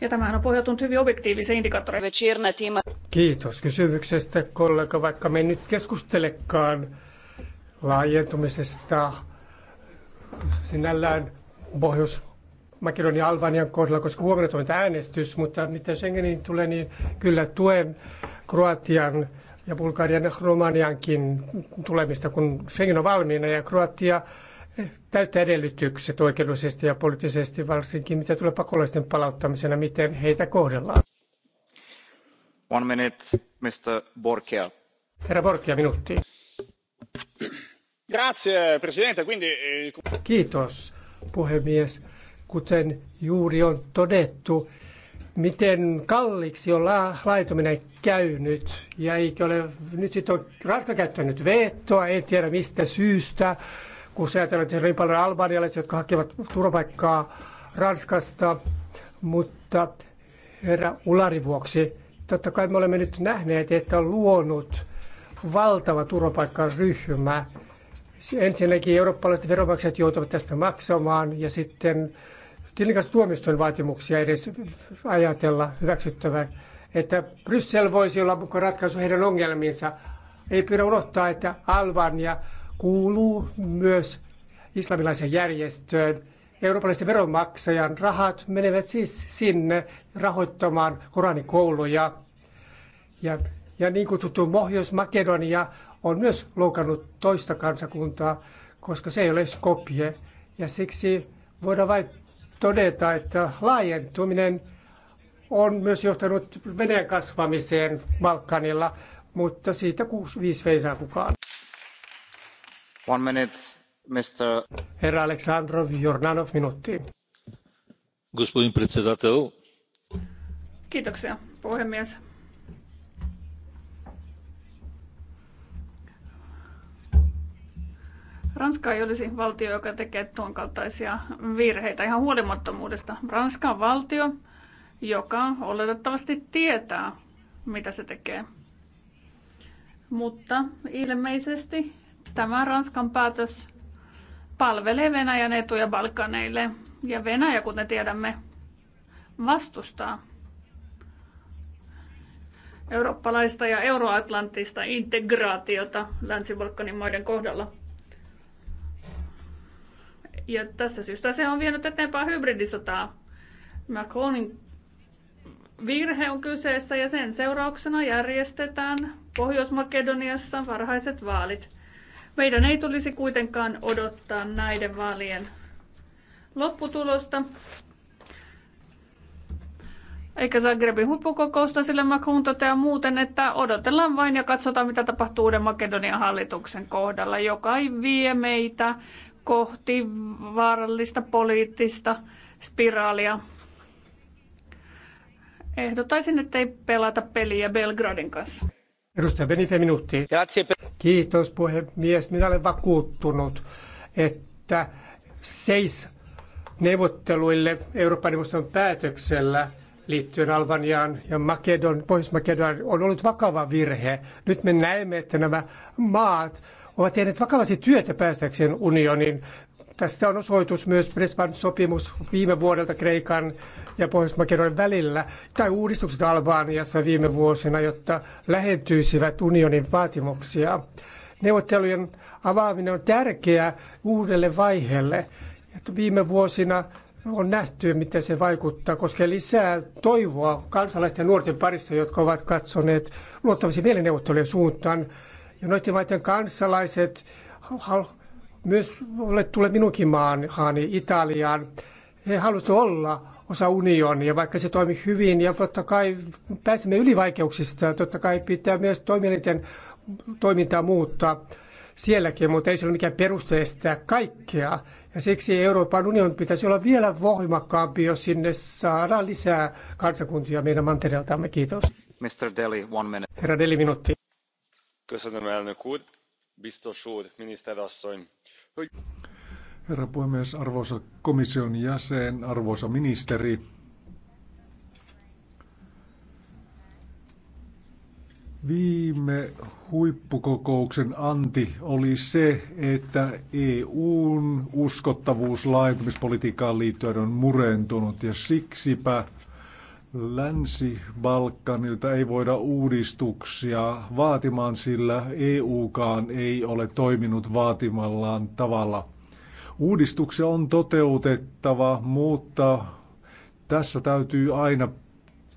Ja tämähän on pohjautunut hyvin objektiiviseen indikaattoreihin. Kiitos kysymyksestä, kollega. Vaikka me ei nyt keskustelekaan laajentumisesta sinällään pohjois Makedonia ja Albanian kohdalla, koska huomenna on äänestys, mutta mitä Schengenin tulee, niin kyllä tuen Kroatian ja Bulgarian ja Romaniankin tulemista, kun Schengen on valmiina ja Kroatia täyttää edellytykset oikeudellisesti ja poliittisesti, varsinkin mitä tulee pakolaisten palauttamisena, miten heitä kohdellaan. One minute, Mr. Borkia. Herra Borkia, minuutti. Grazie, presidente. Quindi... Eh, Kiitos, puhemies. Kuten juuri on todettu, miten kalliiksi on la- laituminen käynyt ja eikö ole nyt sitten on Ranska käyttänyt vetoa, en tiedä mistä syystä kun se ajatellaan, että oli niin paljon albanialaisia, jotka hakevat turvapaikkaa Ranskasta, mutta herra Ularin vuoksi, totta kai me olemme nyt nähneet, että on luonut valtava turvapaikkaryhmä. Ensinnäkin eurooppalaiset veronmaksajat joutuvat tästä maksamaan ja sitten tilikas tuomistojen vaatimuksia edes ajatella hyväksyttävää, että Bryssel voisi olla mukaan ratkaisu heidän ongelmiinsa. Ei pidä unohtaa, että Albania kuuluu myös islamilaisen järjestöön. Eurooppalaisen veronmaksajan rahat menevät siis sinne rahoittamaan koranikouluja. Ja, ja niin kutsuttu Pohjois-Makedonia on myös loukannut toista kansakuntaa, koska se ei ole Skopje. Ja siksi voidaan vain todeta, että laajentuminen on myös johtanut Venäjän kasvamiseen Balkanilla, mutta siitä 6-5 veisaa kukaan. One Herra Aleksandrov minuutti. Gospodin predsjedatel. Kiitoksia, puhemies. Ranska ei olisi valtio, joka tekee tuon kaltaisia virheitä ihan huolimattomuudesta. Ranska on valtio, joka oletettavasti tietää, mitä se tekee. Mutta ilmeisesti Tämä Ranskan päätös palvelee Venäjän etuja Balkaneille. Ja Venäjä, kuten tiedämme, vastustaa eurooppalaista ja euroatlanttista integraatiota Länsi-Balkanin maiden kohdalla. Ja tästä syystä se on vienyt eteenpäin hybridisotaa. Macronin virhe on kyseessä ja sen seurauksena järjestetään Pohjois-Makedoniassa varhaiset vaalit. Meidän ei tulisi kuitenkaan odottaa näiden vaalien lopputulosta, eikä Zagrebin huippukokousta, sillä Macron toteaa muuten, että odotellaan vain ja katsotaan, mitä tapahtuu uuden Makedonian hallituksen kohdalla, joka ei vie meitä kohti vaarallista poliittista spiraalia. Ehdottaisin, ettei pelata peliä Belgradin kanssa. Edustaja Benite, minuutti. Kiitos puhemies. Minä olen vakuuttunut, että seis neuvotteluille Euroopan neuvoston päätöksellä liittyen Albaniaan ja Makedon, Pohjois-Makedoniaan on ollut vakava virhe. Nyt me näemme, että nämä maat ovat tehneet vakavasti työtä päästäkseen unionin Tästä on osoitus myös Prespan sopimus viime vuodelta Kreikan ja Pohjois-Makedonian välillä, tai uudistukset Albaniassa viime vuosina, jotta lähentyisivät unionin vaatimuksia. Neuvottelujen avaaminen on tärkeää uudelle vaiheelle. Että viime vuosina on nähty, miten se vaikuttaa, koska lisää toivoa kansalaisten ja nuorten parissa, jotka ovat katsoneet luottavasti mielineuvottelujen suuntaan. Ja noiden maiden kansalaiset myös tulee minunkin maahani Italiaan. He halusivat olla osa unionia, vaikka se toimi hyvin. Ja totta kai pääsemme yli vaikeuksista. Totta kai pitää myös toimielinten toimintaa muuttaa sielläkin, mutta ei se ole mikään peruste estää kaikkea. Ja siksi Euroopan unionin pitäisi olla vielä voimakkaampi, jos sinne saadaan lisää kansakuntia meidän mantereeltamme. Kiitos. Mr. Deli, one minute. Herra Deli, minuutti. Köszönöm, elnök Bistosuud Biztos úr, Herra puhemies, arvoisa komission jäsen, arvoisa ministeri. Viime huippukokouksen anti oli se, että EUn uskottavuus laajentumispolitiikkaan liittyen on murentunut ja siksipä Länsi-Balkanilta ei voida uudistuksia vaatimaan, sillä EUkaan ei ole toiminut vaatimallaan tavalla. Uudistuksia on toteutettava, mutta tässä täytyy aina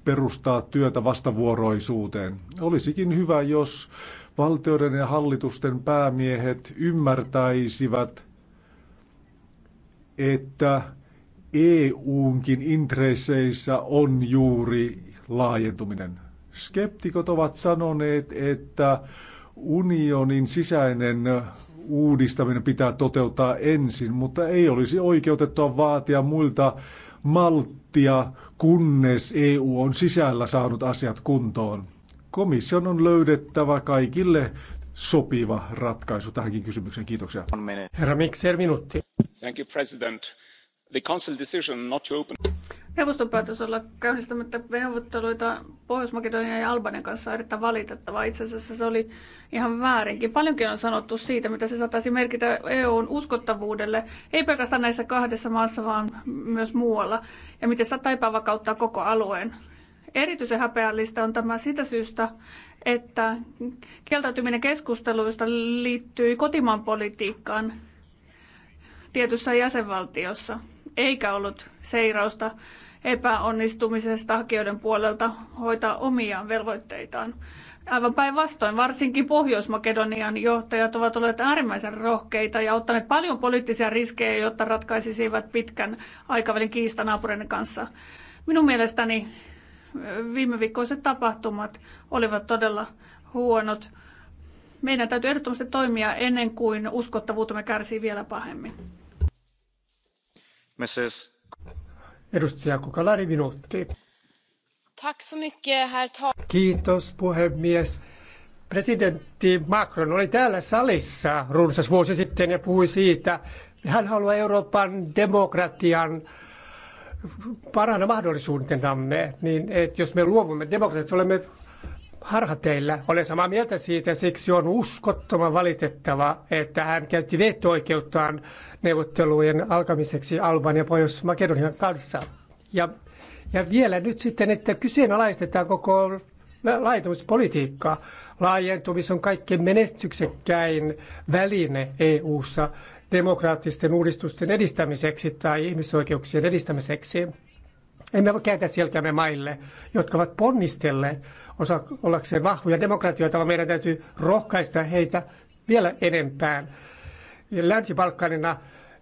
perustaa työtä vastavuoroisuuteen. Olisikin hyvä, jos valtioiden ja hallitusten päämiehet ymmärtäisivät, että EUnkin intresseissä on juuri laajentuminen. Skeptikot ovat sanoneet, että unionin sisäinen uudistaminen pitää toteuttaa ensin, mutta ei olisi oikeutettua vaatia muilta malttia, kunnes EU on sisällä saanut asiat kuntoon. Komission on löydettävä kaikille sopiva ratkaisu tähänkin kysymykseen. Kiitoksia. Herra Mikser, minuutti. Thank you, President. The council decision not to open. Neuvoston päätös olla käynnistämättä neuvotteluita Pohjois-Makedonian ja Albanian kanssa on erittäin valitettava. Itse asiassa se oli ihan väärinkin. Paljonkin on sanottu siitä, mitä se saattaisi merkitä EUn uskottavuudelle, ei pelkästään näissä kahdessa maassa, vaan myös muualla, ja miten se saattaa epävakauttaa koko alueen. Erityisen häpeällistä on tämä sitä syystä, että kieltäytyminen keskusteluista liittyy kotimaan politiikkaan tietyssä jäsenvaltiossa – eikä ollut seirausta epäonnistumisesta hakijoiden puolelta hoitaa omia velvoitteitaan. Aivan päinvastoin, varsinkin Pohjois-Makedonian johtajat ovat olleet äärimmäisen rohkeita ja ottaneet paljon poliittisia riskejä, jotta ratkaisisivat pitkän aikavälin kiista naapureiden kanssa. Minun mielestäni viime viikkoiset tapahtumat olivat todella huonot. Meidän täytyy ehdottomasti toimia ennen kuin uskottavuutemme kärsii vielä pahemmin minuutti. Kiitos puhemies. Presidentti Macron oli täällä salissa runsas vuosi sitten ja puhui siitä, hän haluaa Euroopan demokratian parana mahdollisuutenamme, niin että jos me luovumme demokratiasta, olemme harhateillä. Olen samaa mieltä siitä, siksi on uskottoman valitettava, että hän käytti veto-oikeuttaan neuvottelujen alkamiseksi Albanian ja Pohjois-Makedonian kanssa. Ja, ja vielä nyt sitten, että kyseenalaistetaan koko laajentumispolitiikkaa. Laajentumis on kaikkein menestyksekkäin väline EU-ssa demokraattisten uudistusten edistämiseksi tai ihmisoikeuksien edistämiseksi. Emme voi kääntää selkäämme maille, jotka ovat ponnistelleet osa ollakseen vahvoja demokratioita, vaan meidän täytyy rohkaista heitä vielä enempään. Länsi-Balkanina,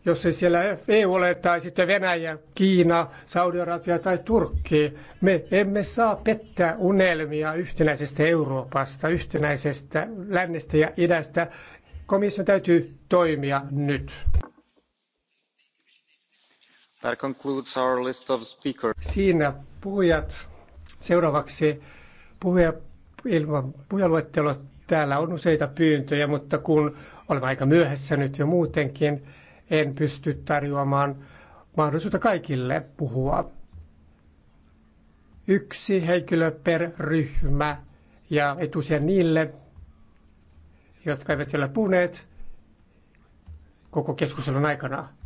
jos ei siellä EU ole, tai sitten Venäjä, Kiina, Saudi-Arabia tai Turkki, me emme saa pettää unelmia yhtenäisestä Euroopasta, yhtenäisestä lännestä ja idästä. Komission täytyy toimia nyt. Siinä puhujat. Seuraavaksi puhuja ilman puhujaluettelo. Täällä on useita pyyntöjä, mutta kun olemme aika myöhässä nyt jo muutenkin, en pysty tarjoamaan mahdollisuutta kaikille puhua. Yksi henkilö per ryhmä ja etusia niille, jotka eivät vielä puhuneet koko keskustelun aikana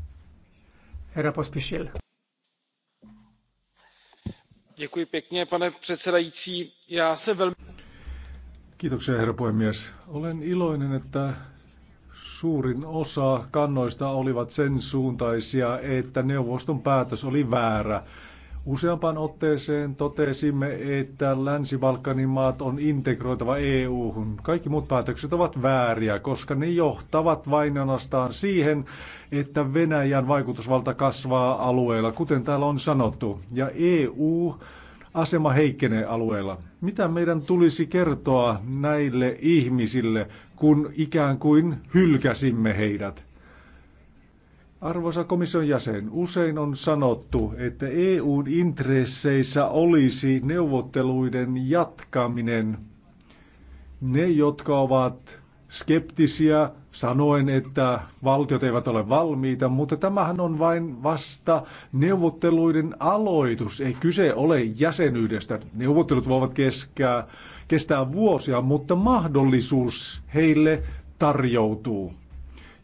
pane předsedající já jsem velmi. herra puhemies. Olen iloinen, että suurin osa kannoista oli sen suuntaisia, että neuvoston päätös oli väärä Useampaan otteeseen totesimme, että Länsi-Balkanin maat on integroitava EU-hun. Kaikki muut päätökset ovat vääriä, koska ne johtavat vain ainoastaan siihen, että Venäjän vaikutusvalta kasvaa alueella, kuten täällä on sanottu. Ja EU asema heikkenee alueella. Mitä meidän tulisi kertoa näille ihmisille, kun ikään kuin hylkäsimme heidät? Arvoisa komission jäsen, usein on sanottu, että EUn intresseissä olisi neuvotteluiden jatkaminen. Ne, jotka ovat skeptisiä, sanoen, että valtiot eivät ole valmiita, mutta tämähän on vain vasta neuvotteluiden aloitus. Ei kyse ole jäsenyydestä. Neuvottelut voivat keskää, kestää vuosia, mutta mahdollisuus heille tarjoutuu.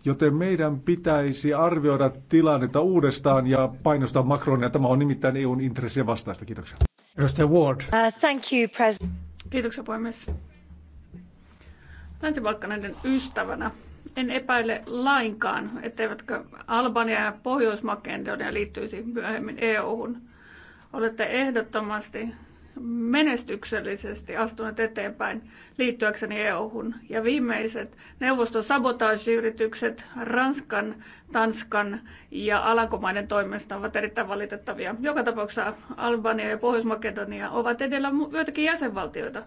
Joten meidän pitäisi arvioida tilannetta uudestaan ja painostaa Macronia. Tämä on nimittäin EUn intressien vastaista. Kiitoksia. Edustaja Ward. Uh, thank you, Kiitoksia puhemies. Länsi-Balkaneiden ystävänä en epäile lainkaan, etteivätkö Albania ja Pohjois-Makedonia liittyisi myöhemmin EU-hun. Olette ehdottomasti menestyksellisesti astuneet eteenpäin liittyäkseni EU-hun. Ja viimeiset neuvoston sabotaasiyritykset Ranskan, Tanskan ja Alankomaiden toimesta ovat erittäin valitettavia. Joka tapauksessa Albania ja Pohjois-Makedonia ovat edellä joitakin jäsenvaltioita.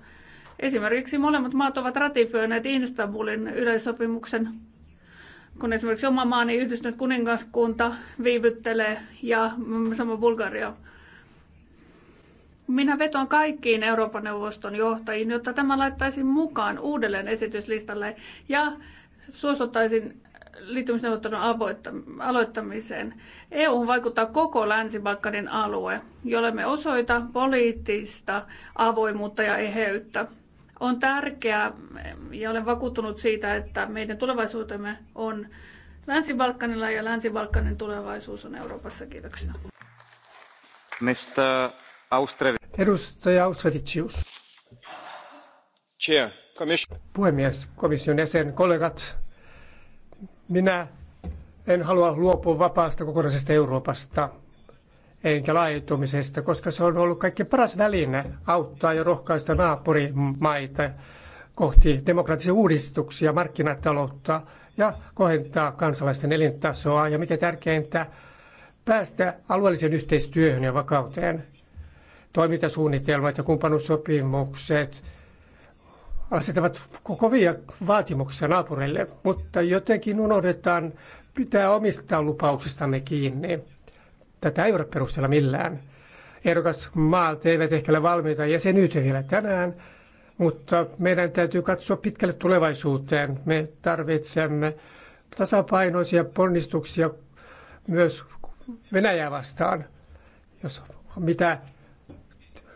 Esimerkiksi molemmat maat ovat ratifioineet Istanbulin yleissopimuksen, kun esimerkiksi oma maani Yhdistynyt kuningaskunta viivyttelee ja sama Bulgaria – minä vetoan kaikkiin Euroopan neuvoston johtajiin, jotta tämä laittaisin mukaan uudelleen esityslistalle ja suosittaisin liittymisneuvottelun aloittamiseen. EU vaikuttaa koko Länsi-Balkanin alue, jolle me osoita poliittista avoimuutta ja eheyttä. On tärkeää ja olen vakuuttunut siitä, että meidän tulevaisuutemme on Länsi-Balkanilla ja Länsi-Balkanin tulevaisuus on Euroopassa. Kiitoksia. Mr arvoisa Puhemies, komission jäsen, kollegat, minä en halua luopua vapaasta kokonaisesta Euroopasta enkä laajentumisesta, koska se on ollut kaikkein paras väline auttaa ja rohkaista naapurimaita kohti demokraattisia uudistuksia, markkinataloutta ja kohentaa kansalaisten elintasoa ja mikä tärkeintä, päästä alueelliseen yhteistyöhön ja vakauteen toimintasuunnitelmat ja kumppanuussopimukset asettavat kovia vaatimuksia naapureille, mutta jotenkin unohdetaan pitää omista lupauksistamme kiinni. Tätä ei voida perustella millään. Ehdokas maat eivät ehkä ole valmiita jäsenyyteen vielä tänään, mutta meidän täytyy katsoa pitkälle tulevaisuuteen. Me tarvitsemme tasapainoisia ponnistuksia myös Venäjää vastaan. Jos mitä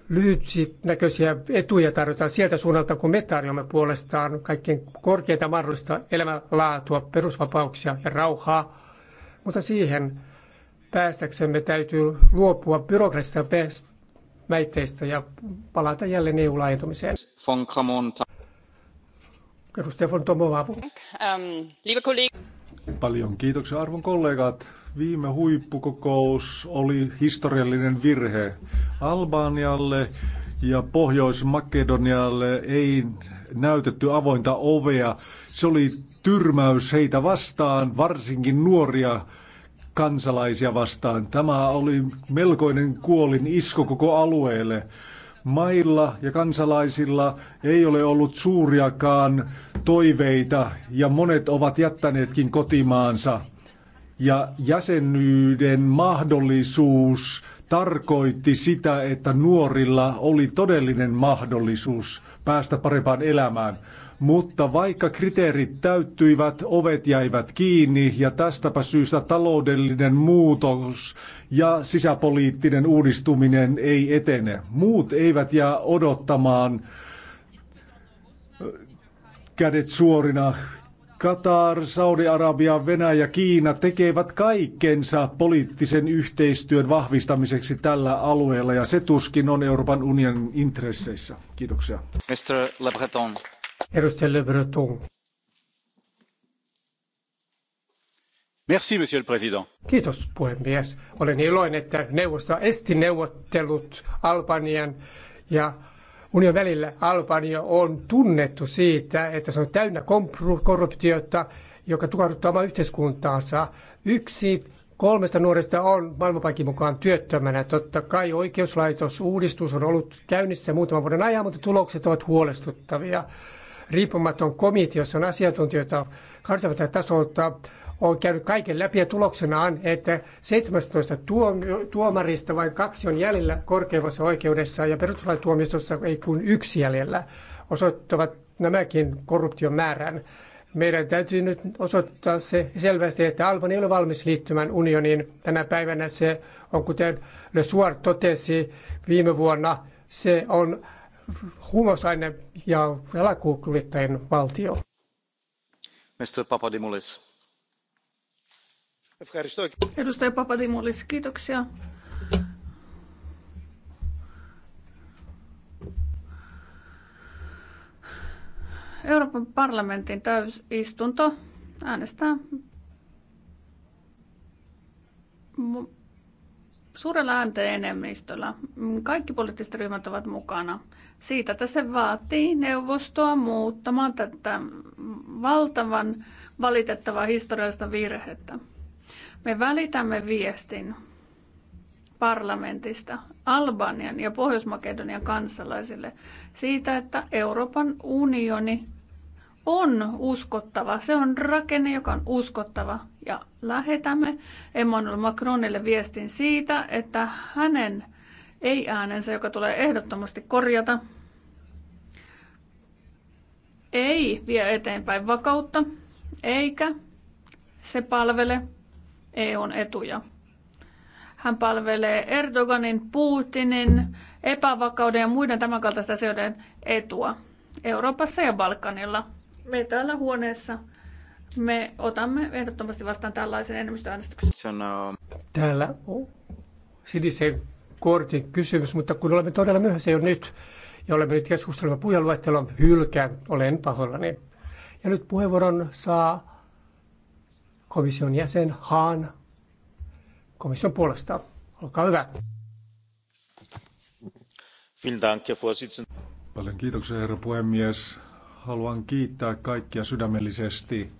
lyhytnäköisiä etuja tarjotaan sieltä suunnalta, kun me tarjoamme puolestaan kaikkein korkeinta mahdollista elämänlaatua, perusvapauksia ja rauhaa. Mutta siihen päästäksemme täytyy luopua byrokratisista väitteistä ja palata jälleen EU-laajentumiseen. Von Kramonta. Edustaja von Tomova. Ähm, Paljon kiitoksia arvon kollegat. Viime huippukokous oli historiallinen virhe. Albanialle ja Pohjois-Makedonialle ei näytetty avointa ovea. Se oli tyrmäys heitä vastaan, varsinkin nuoria kansalaisia vastaan. Tämä oli melkoinen kuolin isko koko alueelle. Mailla ja kansalaisilla ei ole ollut suuriakaan toiveita ja monet ovat jättäneetkin kotimaansa. Ja jäsenyyden mahdollisuus tarkoitti sitä, että nuorilla oli todellinen mahdollisuus päästä parempaan elämään. Mutta vaikka kriteerit täyttyivät, ovet jäivät kiinni ja tästäpä syystä taloudellinen muutos ja sisäpoliittinen uudistuminen ei etene. Muut eivät jää odottamaan kädet suorina Katar, Saudi-Arabia, Venäjä, Kiina tekevät kaikkensa poliittisen yhteistyön vahvistamiseksi tällä alueella ja se tuskin on Euroopan unionin intresseissä. Kiitoksia. Mr. Le Breton. Edustaja Le Breton. Merci, monsieur le président. Kiitos puhemies. Olen iloinen, että neuvosto esti neuvottelut Albanian ja unio välillä Albania on tunnettu siitä, että se on täynnä korruptiota, joka tukahduttaa omaa yhteiskuntaansa. Yksi kolmesta nuoresta on maailmanpankin mukaan työttömänä. Totta kai oikeuslaitosuudistus on ollut käynnissä muutaman vuoden ajan, mutta tulokset ovat huolestuttavia. Riippumaton komitea, jossa on asiantuntijoita kansainvälisellä tasolta, on käynyt kaiken läpi ja tuloksena on, että 17 tuomarista vain kaksi on jäljellä korkeimmassa oikeudessa ja perustuslain tuomioistussa ei kuin yksi jäljellä osoittavat nämäkin korruption määrän. Meidän täytyy nyt osoittaa se selvästi, että Albania ei ole valmis liittymään unioniin. Tänä päivänä se on, kuten Le Suor totesi viime vuonna, se on huumausaine ja alakuukuljettajien valtio. Mr. Papadimoulis. Edustaja Papadimulis, kiitoksia. Euroopan parlamentin täysistunto äänestää suurella äänten enemmistöllä. Kaikki poliittiset ryhmät ovat mukana. Siitä, että se vaatii neuvostoa muuttamaan tätä valtavan valitettavaa historiallista virhettä. Me välitämme viestin parlamentista Albanian ja Pohjois-Makedonian kansalaisille siitä, että Euroopan unioni on uskottava. Se on rakenne, joka on uskottava. Ja lähetämme Emmanuel Macronille viestin siitä, että hänen ei-äänensä, joka tulee ehdottomasti korjata, ei vie eteenpäin vakautta, eikä se palvele EUn etuja. Hän palvelee Erdoganin, Putinin, epävakauden ja muiden tämänkaltaisten asioiden etua Euroopassa ja Balkanilla. Me täällä huoneessa me otamme ehdottomasti vastaan tällaisen enemmistöäänestyksen. Täällä on sinisen kortin kysymys, mutta kun olemme todella myöhässä jo nyt ja olemme nyt keskustelemaan puheenluettelon hylkää, olen pahoillani. Ja nyt puheenvuoron saa komission jäsen Haan komission puolesta. Olkaa hyvä. Paljon kiitoksia, herra puhemies. Haluan kiittää kaikkia sydämellisesti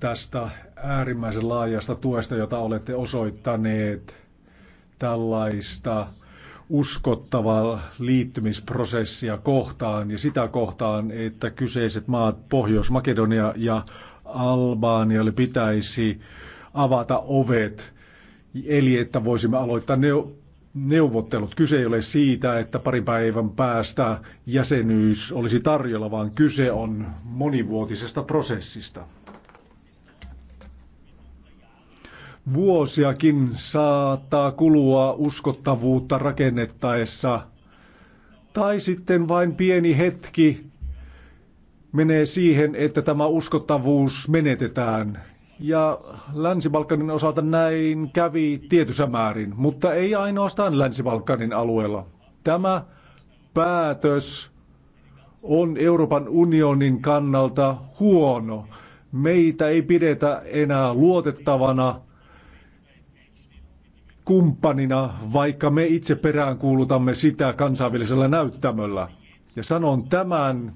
tästä äärimmäisen laajasta tuesta, jota olette osoittaneet tällaista uskottavaa liittymisprosessia kohtaan ja sitä kohtaan, että kyseiset maat Pohjois-Makedonia ja Albaanialle pitäisi avata ovet, eli että voisimme aloittaa ne neuvottelut. Kyse ei ole siitä, että pari päivän päästä jäsenyys olisi tarjolla, vaan kyse on monivuotisesta prosessista. Vuosiakin saattaa kulua uskottavuutta rakennettaessa, tai sitten vain pieni hetki menee siihen, että tämä uskottavuus menetetään. Ja Länsi-Balkanin osalta näin kävi tietyssä määrin, mutta ei ainoastaan Länsi-Balkanin alueella. Tämä päätös on Euroopan unionin kannalta huono. Meitä ei pidetä enää luotettavana kumppanina, vaikka me itse peräänkuulutamme sitä kansainvälisellä näyttämöllä. Ja sanon tämän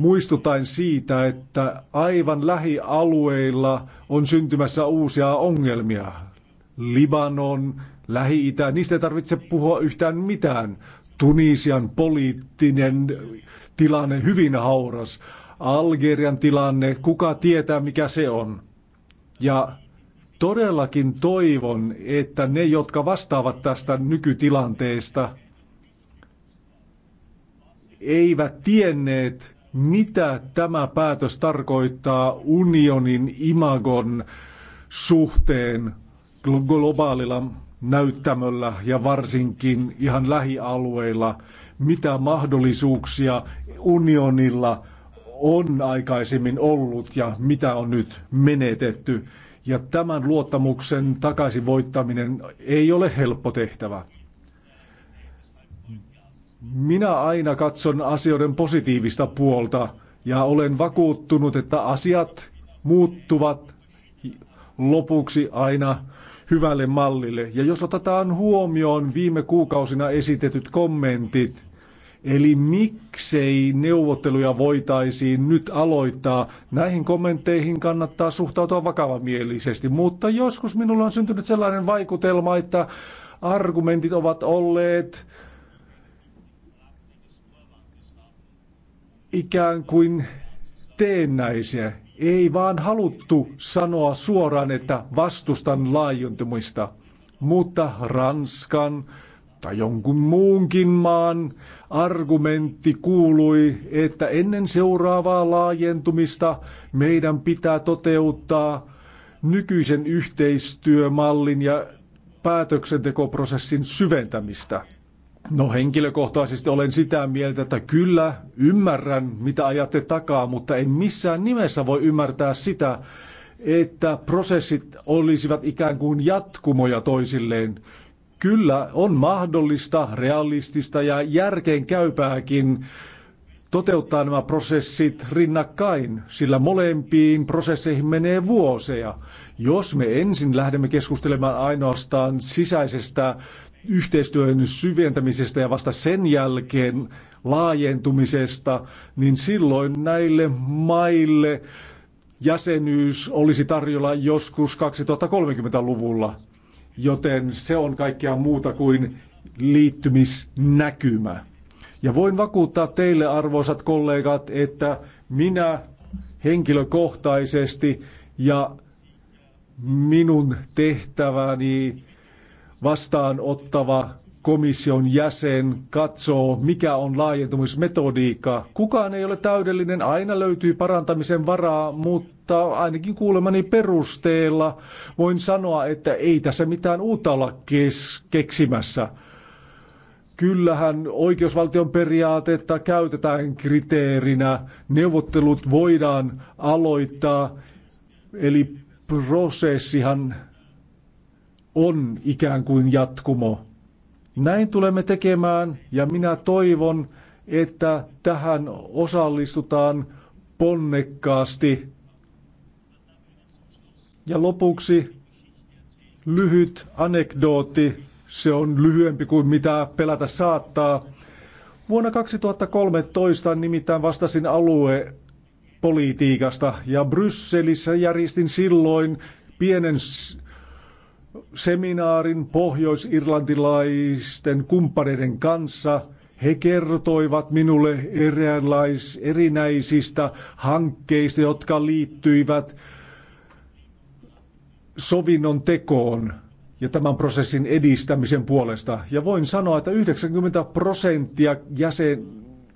Muistutan siitä, että aivan lähialueilla on syntymässä uusia ongelmia. Libanon, Lähi-Itä, niistä ei tarvitse puhua yhtään mitään. Tunisian poliittinen tilanne hyvin hauras. Algerian tilanne, kuka tietää mikä se on. Ja todellakin toivon, että ne, jotka vastaavat tästä nykytilanteesta, eivät tienneet, mitä tämä päätös tarkoittaa unionin imagon suhteen globaalilla näyttämöllä ja varsinkin ihan lähialueilla, mitä mahdollisuuksia unionilla on aikaisemmin ollut ja mitä on nyt menetetty. Ja tämän luottamuksen takaisin voittaminen ei ole helppo tehtävä. Minä aina katson asioiden positiivista puolta ja olen vakuuttunut, että asiat muuttuvat lopuksi aina hyvälle mallille. Ja jos otetaan huomioon viime kuukausina esitetyt kommentit, eli miksei neuvotteluja voitaisiin nyt aloittaa, näihin kommentteihin kannattaa suhtautua vakavamielisesti. Mutta joskus minulla on syntynyt sellainen vaikutelma, että argumentit ovat olleet ikään kuin teennäisiä. Ei vaan haluttu sanoa suoraan, että vastustan laajentumista, mutta Ranskan tai jonkun muunkin maan argumentti kuului, että ennen seuraavaa laajentumista meidän pitää toteuttaa nykyisen yhteistyömallin ja päätöksentekoprosessin syventämistä. No henkilökohtaisesti olen sitä mieltä, että kyllä ymmärrän, mitä ajatte takaa, mutta en missään nimessä voi ymmärtää sitä, että prosessit olisivat ikään kuin jatkumoja toisilleen. Kyllä on mahdollista, realistista ja järkeen käypääkin toteuttaa nämä prosessit rinnakkain, sillä molempiin prosesseihin menee vuosia. Jos me ensin lähdemme keskustelemaan ainoastaan sisäisestä yhteistyön syventämisestä ja vasta sen jälkeen laajentumisesta, niin silloin näille maille jäsenyys olisi tarjolla joskus 2030-luvulla, joten se on kaikkea muuta kuin liittymisnäkymä. Ja voin vakuuttaa teille, arvoisat kollegat, että minä henkilökohtaisesti ja minun tehtäväni vastaanottava komission jäsen katsoo, mikä on laajentumismetodiikka. Kukaan ei ole täydellinen, aina löytyy parantamisen varaa, mutta ainakin kuulemani perusteella voin sanoa, että ei tässä mitään uutta olla keksimässä. Kyllähän oikeusvaltion periaatetta käytetään kriteerinä. Neuvottelut voidaan aloittaa, eli prosessihan on ikään kuin jatkumo. Näin tulemme tekemään ja minä toivon, että tähän osallistutaan ponnekkaasti. Ja lopuksi lyhyt anekdootti. Se on lyhyempi kuin mitä pelätä saattaa. Vuonna 2013 nimittäin vastasin aluepolitiikasta ja Brysselissä järjestin silloin pienen seminaarin pohjois kumppaneiden kanssa. He kertoivat minulle eräänlais, erinäisistä hankkeista, jotka liittyivät sovinnon tekoon ja tämän prosessin edistämisen puolesta. Ja voin sanoa, että 90 prosenttia jäsen,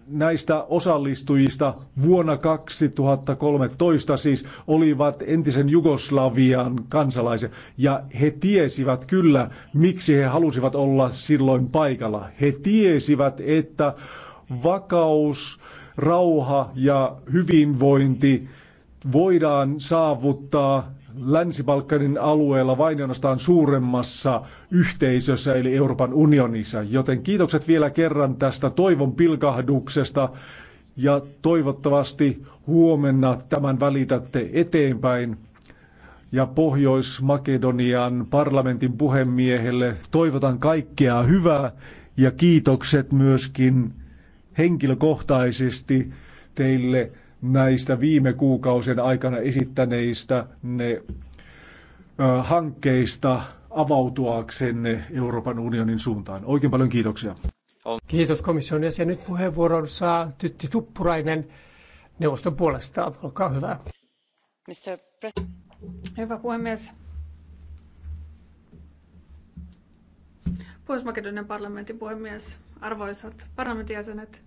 näistä osallistujista vuonna 2013 siis olivat entisen Jugoslavian kansalaisia. Ja he tiesivät kyllä, miksi he halusivat olla silloin paikalla. He tiesivät, että vakaus, rauha ja hyvinvointi voidaan saavuttaa Länsi-Balkanin alueella vain ainoastaan suuremmassa yhteisössä eli Euroopan unionissa. Joten kiitokset vielä kerran tästä toivon pilkahduksesta ja toivottavasti huomenna tämän välitätte eteenpäin. Ja Pohjois-Makedonian parlamentin puhemiehelle toivotan kaikkea hyvää ja kiitokset myöskin henkilökohtaisesti teille näistä viime kuukausien aikana esittäneistä ne hankkeista avautuaksenne Euroopan unionin suuntaan. Oikein paljon kiitoksia. Kiitos komission jäsen. Nyt puheenvuoron saa Tytti Tuppurainen neuvoston puolesta. Olkaa hyvä. Mr. Hyvä puhemies. Pohjois-Makedonian parlamentin puhemies, arvoisat parlamentin jäsenet,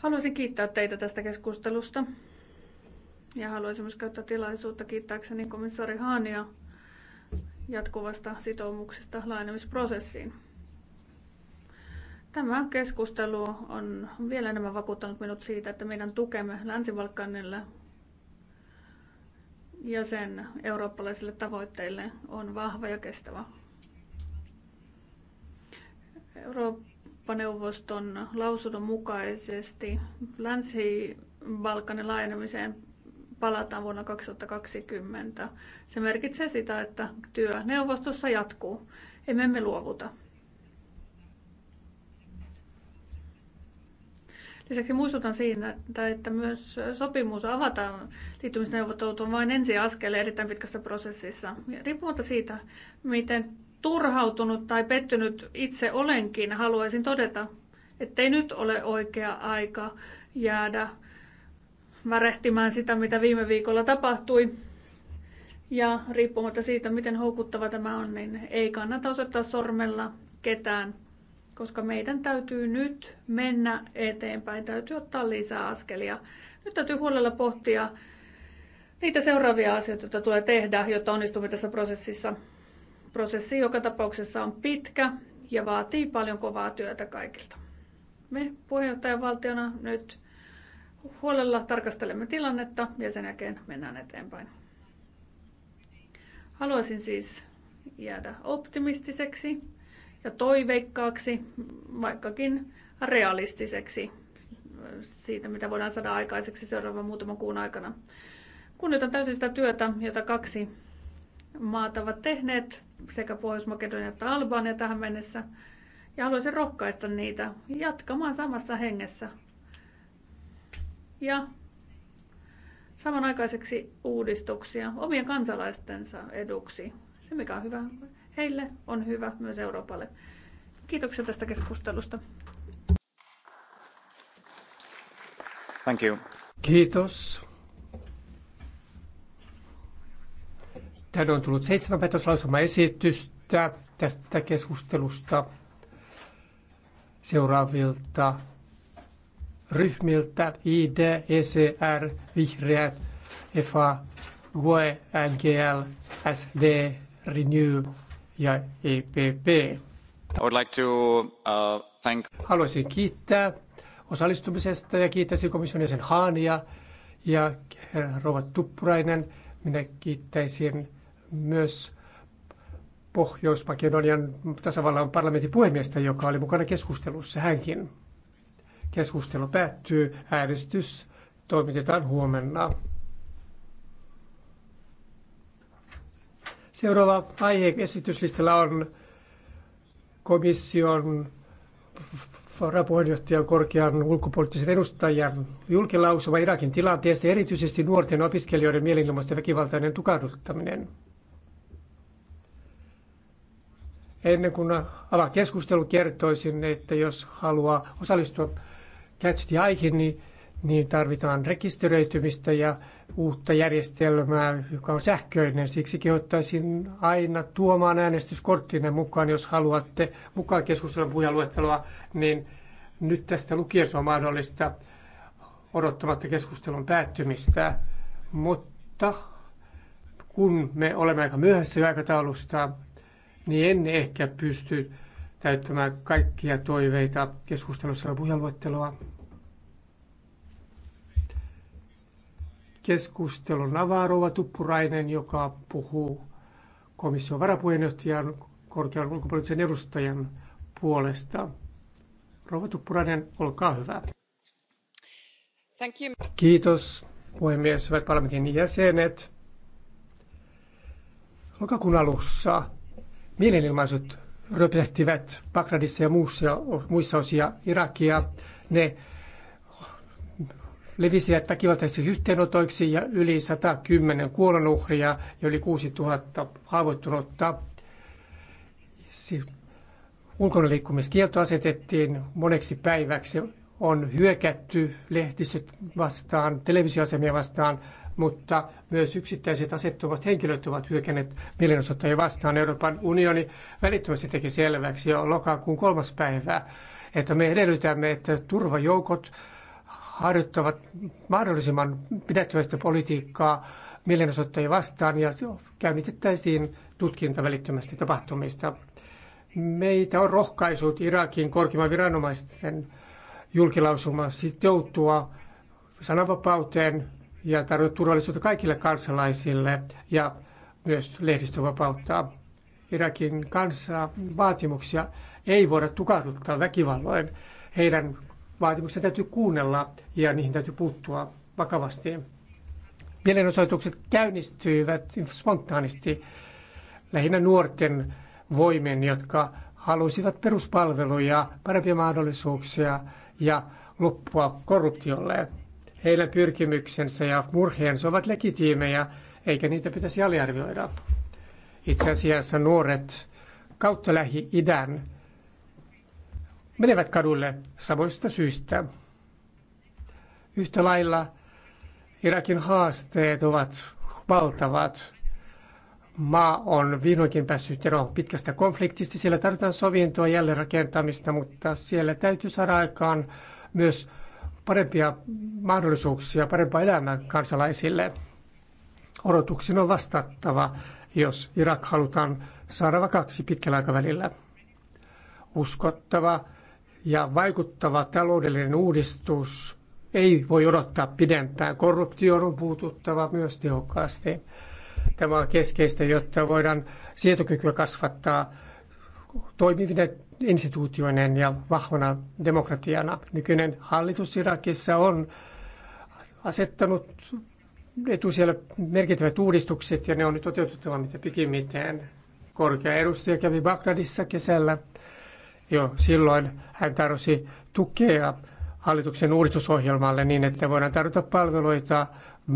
Haluaisin kiittää teitä tästä keskustelusta ja haluaisin myös käyttää tilaisuutta kiittääkseni komissaari Haania jatkuvasta sitoumuksesta laajenemisprosessiin. Tämä keskustelu on vielä enemmän vakuuttanut minut siitä, että meidän tukemme länsi ja sen eurooppalaisille tavoitteille on vahva ja kestävä. Eurooppa Eurooppa-neuvoston lausunnon mukaisesti Länsi-Balkanin laajenemiseen palataan vuonna 2020. Se merkitsee sitä, että työ neuvostossa jatkuu. Emme me luovuta. Lisäksi muistutan siinä, että myös sopimus avataan liittymisneuvottelut on vain ensiaskel erittäin pitkässä prosessissa. Riippumatta siitä, miten turhautunut tai pettynyt itse olenkin, haluaisin todeta, ettei nyt ole oikea aika jäädä värehtimään sitä, mitä viime viikolla tapahtui. Ja riippumatta siitä, miten houkuttava tämä on, niin ei kannata osoittaa sormella ketään, koska meidän täytyy nyt mennä eteenpäin, täytyy ottaa lisää askelia. Nyt täytyy huolella pohtia niitä seuraavia asioita, joita tulee tehdä, jotta onnistumme tässä prosessissa prosessi joka tapauksessa on pitkä ja vaatii paljon kovaa työtä kaikilta. Me puheenjohtajavaltiona nyt huolella tarkastelemme tilannetta ja sen jälkeen mennään eteenpäin. Haluaisin siis jäädä optimistiseksi ja toiveikkaaksi, vaikkakin realistiseksi siitä, mitä voidaan saada aikaiseksi seuraavan muutaman kuun aikana. Kunnioitan täysin sitä työtä, jota kaksi maata ovat tehneet sekä Pohjois-Makedonia että Albania tähän mennessä. Ja haluaisin rohkaista niitä jatkamaan samassa hengessä. Ja samanaikaiseksi uudistuksia omien kansalaistensa eduksi. Se, mikä on hyvä heille, on hyvä myös Euroopalle. Kiitoksia tästä keskustelusta. Thank you. Kiitos. Tänne on tullut seitsemän esitystä tästä keskustelusta seuraavilta ryhmiltä ID, ECR, Vihreät, EFA, GUE, NGL, SD, Renew ja EPP. I would like to, uh, thank... Haluaisin kiittää osallistumisesta ja kiittäisin siis komission jäsen Haania ja rouva Tuppurainen. Minä kiittäisin myös Pohjois-Makedonian tasavallan parlamentin puhemiestä, joka oli mukana keskustelussa hänkin. Keskustelu päättyy, äänestys toimitetaan huomenna. Seuraava aihe esityslistalla on komission varapuheenjohtajan korkean ulkopoliittisen edustajan julkilausuma Irakin tilanteesta, erityisesti nuorten opiskelijoiden mielenilmaisten väkivaltainen tukahduttaminen. Ennen kuin alan keskustelu kertoisin, että jos haluaa osallistua Catch the niin, niin tarvitaan rekisteröitymistä ja uutta järjestelmää, joka on sähköinen. Siksi kehottaisin aina tuomaan äänestyskorttinne mukaan, jos haluatte mukaan keskustelun puheenluettelua, niin nyt tästä lukien on mahdollista odottamatta keskustelun päättymistä. Mutta kun me olemme aika myöhässä jo aikataulusta, niin en ehkä pysty täyttämään kaikkia toiveita keskustelussa ja puheluetteloa. Keskustelun avaa Rouva Tuppurainen, joka puhuu komission varapuheenjohtajan korkean ulkopoliittisen edustajan puolesta. Rouva Tuppurainen, olkaa hyvä. Thank you. Kiitos puhemies, hyvät parlamentin jäsenet. Lokakuun alussa Mielenilmaisut ryöpsähtivät Bagdadissa ja muussa, muissa osia Irakia. Ne levisivät väkivaltaisiksi yhteenotoiksi ja yli 110 kuolonuhria ja yli 6000 haavoittunutta. Siis Ulkonaliikkumiskielto asetettiin moneksi päiväksi. On hyökätty lehdistöt vastaan, televisioasemia vastaan, mutta myös yksittäiset asettuvat henkilöt ovat hyökänneet mielenosoittajia vastaan. Euroopan unioni välittömästi teki selväksi jo lokakuun kolmas päivää, että me edellytämme, että turvajoukot harjoittavat mahdollisimman pidättyväistä politiikkaa mielenosoittajia vastaan ja käynnitettäisiin tutkinta välittömästi tapahtumista. Meitä on rohkaisut Irakin korkeimman viranomaisten julkilausuma sitoutua sananvapauteen, ja tarjota turvallisuutta kaikille kansalaisille ja myös lehdistövapautta. Irakin kansa vaatimuksia ei voida tukahduttaa väkivalloin. Heidän vaatimuksia täytyy kuunnella ja niihin täytyy puuttua vakavasti. Mielenosoitukset käynnistyivät spontaanisti lähinnä nuorten voimen, jotka halusivat peruspalveluja, parempia mahdollisuuksia ja loppua korruptiolle. Heidän pyrkimyksensä ja murheensa ovat legitiimejä, eikä niitä pitäisi aliarvioida. Itse asiassa nuoret kautta Lähi-idän menevät kadulle samoista syistä. Yhtä lailla Irakin haasteet ovat valtavat. Maa on vihdoinkin päässyt eroon pitkästä konfliktista. Siellä tarvitaan sovintoa jälleenrakentamista, mutta siellä täytyy saada aikaan myös parempia mahdollisuuksia, parempaa elämää kansalaisille. Odotuksen on vastattava, jos Irak halutaan saada vakaksi pitkällä aikavälillä. Uskottava ja vaikuttava taloudellinen uudistus ei voi odottaa pidempään. Korruptio on puututtava myös tehokkaasti. Tämä on keskeistä, jotta voidaan sietokykyä kasvattaa toimivine instituutioineen ja vahvana demokratiana. Nykyinen hallitus Irakissa on asettanut etusijalle merkittävät uudistukset ja ne on nyt toteutettava mitä pikimmiten. Korkea edustaja kävi Bagdadissa kesällä. Jo silloin hän tarvitsi tukea hallituksen uudistusohjelmalle niin, että voidaan tarjota palveluita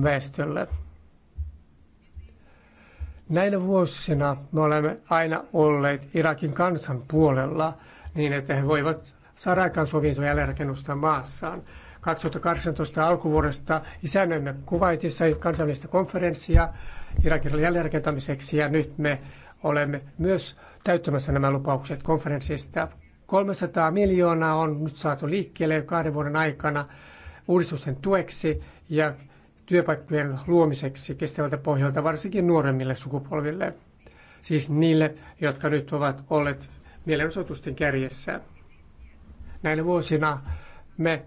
väestölle. Näinä vuosina me olemme aina olleet Irakin kansan puolella niin, että he voivat saada aikaan sovintoja jälleenrakennusta maassaan. 2018 alkuvuodesta isännöimme Kuwaitissa kansainvälistä konferenssia Irakin jälleenrakentamiseksi ja nyt me olemme myös täyttämässä nämä lupaukset konferenssista. 300 miljoonaa on nyt saatu liikkeelle kahden vuoden aikana uudistusten tueksi ja työpaikkojen luomiseksi kestävältä pohjalta, varsinkin nuoremmille sukupolville, siis niille, jotka nyt ovat olleet mielenosoitusten kärjessä. Näinä vuosina me,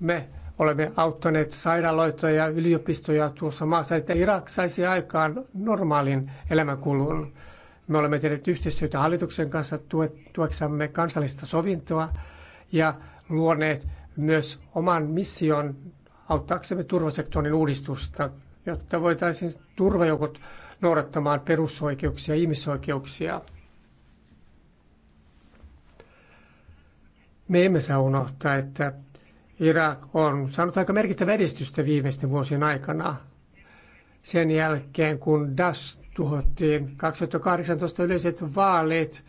me olemme auttaneet sairaaloita ja yliopistoja tuossa maassa, että Irak saisi aikaan normaalin elämänkulun. Me olemme tehneet yhteistyötä hallituksen kanssa tueksamme kansallista sovintoa ja luoneet myös oman mission auttaaksemme turvasektorin uudistusta, jotta voitaisiin turvajoukot noudattamaan perusoikeuksia ja ihmisoikeuksia. Me emme saa unohtaa, että Irak on saanut aika merkittävä edistystä viimeisten vuosien aikana. Sen jälkeen, kun DAS tuhottiin, 2018 yleiset vaalit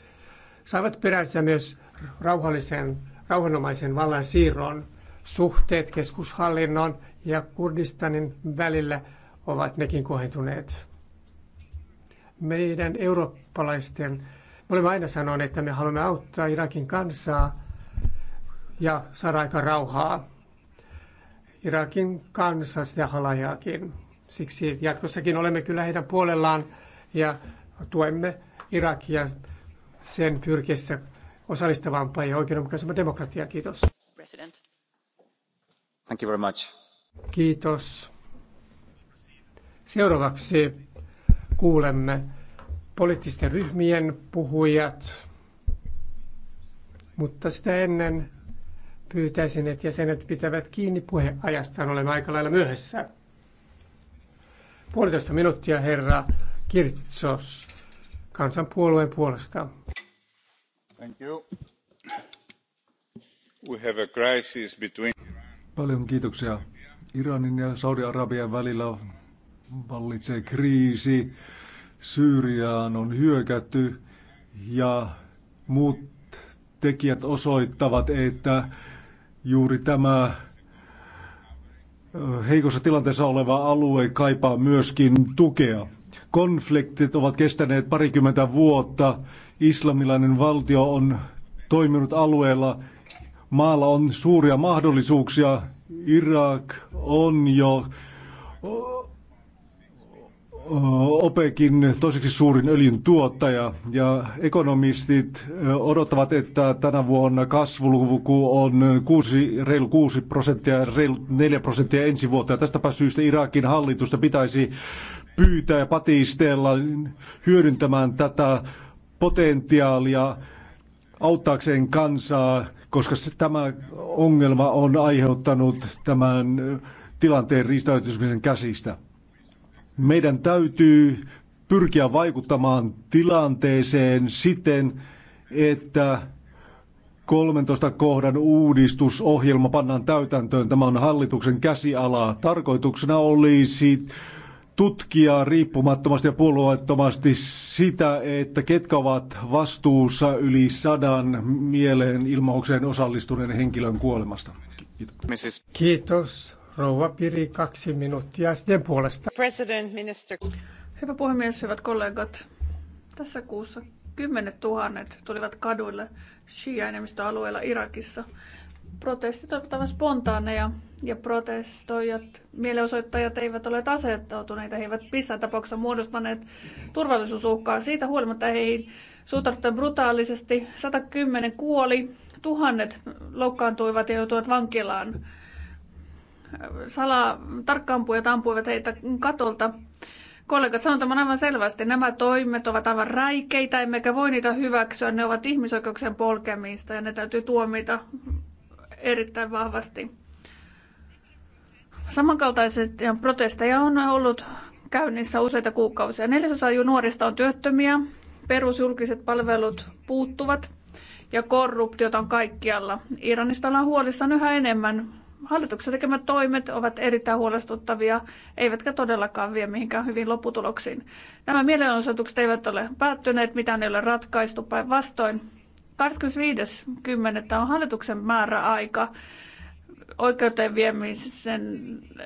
saivat peränsä myös rauhallisen, rauhanomaisen vallan siirron suhteet keskushallinnon ja Kurdistanin välillä ovat nekin kohentuneet. Meidän eurooppalaisten, me olemme aina sanoneet, että me haluamme auttaa Irakin kansaa ja saada aika rauhaa. Irakin kansa sitä halajaakin, Siksi jatkossakin olemme kyllä heidän puolellaan ja tuemme Irakia sen pyrkiessä osallistavampaan ja oikeudenmukaisempaan demokratiaan. Kiitos. President. Thank you very much. Kiitos. Seuraavaksi kuulemme poliittisten ryhmien puhujat, mutta sitä ennen pyytäisin, että jäsenet pitävät kiinni puheajastaan, olemme aika lailla myöhässä. Puolitoista minuuttia, herra Kirtsos, kansanpuolueen puolesta. Thank you. We have a crisis between... Paljon kiitoksia. Iranin ja Saudi-Arabian välillä vallitsee kriisi, Syyriaan on hyökätty ja muut tekijät osoittavat, että juuri tämä heikossa tilanteessa oleva alue kaipaa myöskin tukea. Konfliktit ovat kestäneet parikymmentä vuotta. Islamilainen valtio on toiminut alueella Maalla on suuria mahdollisuuksia. Irak on jo OPEKin toiseksi suurin öljyn tuottaja ja ekonomistit odottavat, että tänä vuonna kasvuluku on 6, reilu 6 prosenttia, reilu 4 prosenttia ensi vuotta. Ja tästäpä syystä Irakin hallitusta pitäisi pyytää ja patisteella hyödyntämään tätä potentiaalia auttaakseen kansaa koska tämä ongelma on aiheuttanut tämän tilanteen riistäytymisen käsistä. Meidän täytyy pyrkiä vaikuttamaan tilanteeseen siten, että 13 kohdan uudistusohjelma pannaan täytäntöön. Tämä on hallituksen käsialaa. Tarkoituksena olisi tutkia riippumattomasti ja puolueettomasti sitä, että ketkä ovat vastuussa yli sadan mieleen ilmaukseen osallistuneen henkilön kuolemasta. Kiitos. Kiitos. Rouva Piri, kaksi minuuttia sitten puolesta. President, minister. Hyvä puhemies, hyvät kollegat. Tässä kuussa kymmenet tuhannet tulivat kaduille shia alueella Irakissa – Protestit ovat aivan spontaaneja ja protestoijat, mielenosoittajat eivät ole asettautuneita, he eivät missään tapauksessa muodostaneet turvallisuusuhkaa. Siitä huolimatta heihin suhtauduttiin brutaalisesti, 110 kuoli, tuhannet loukkaantuivat ja joutuivat vankilaan. Sala tarkkaampujat ampuivat heitä katolta. Kollegat, sanon tämän aivan selvästi. Nämä toimet ovat aivan räikeitä, emmekä voi niitä hyväksyä. Ne ovat ihmisoikeuksien polkemista ja ne täytyy tuomita erittäin vahvasti. Samankaltaiset protesteja on ollut käynnissä useita kuukausia. Neljäsosa nuorista on työttömiä, perusjulkiset palvelut puuttuvat ja korruptiota on kaikkialla. Iranista ollaan huolissaan yhä enemmän. Hallituksen tekemät toimet ovat erittäin huolestuttavia, eivätkä todellakaan vie mihinkään hyvin lopputuloksiin. Nämä mielenosoitukset eivät ole päättyneet, mitään ei ole ratkaistu päinvastoin. 25.10. on hallituksen määräaika oikeuteen viemisen eh,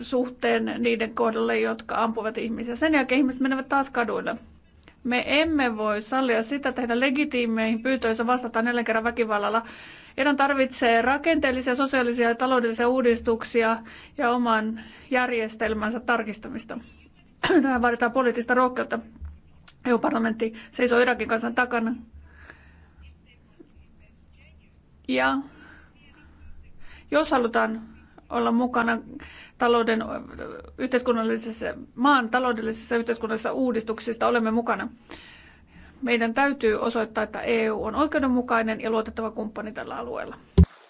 suhteen niiden kohdalle, jotka ampuvat ihmisiä. Sen jälkeen ihmiset menevät taas kaduille. Me emme voi sallia sitä tehdä legitiimeihin pyytöissä vastata neljän kerran väkivallalla. Meidän tarvitsee rakenteellisia, sosiaalisia ja taloudellisia uudistuksia ja oman järjestelmänsä tarkistamista. Tähän vaaditaan poliittista rohkeutta. EU-parlamentti seisoo Irakin kansan takana ja jos halutaan olla mukana talouden, yhteiskunnallisessa, maan taloudellisessa yhteiskunnallisessa uudistuksista, olemme mukana. Meidän täytyy osoittaa, että EU on oikeudenmukainen ja luotettava kumppani tällä alueella.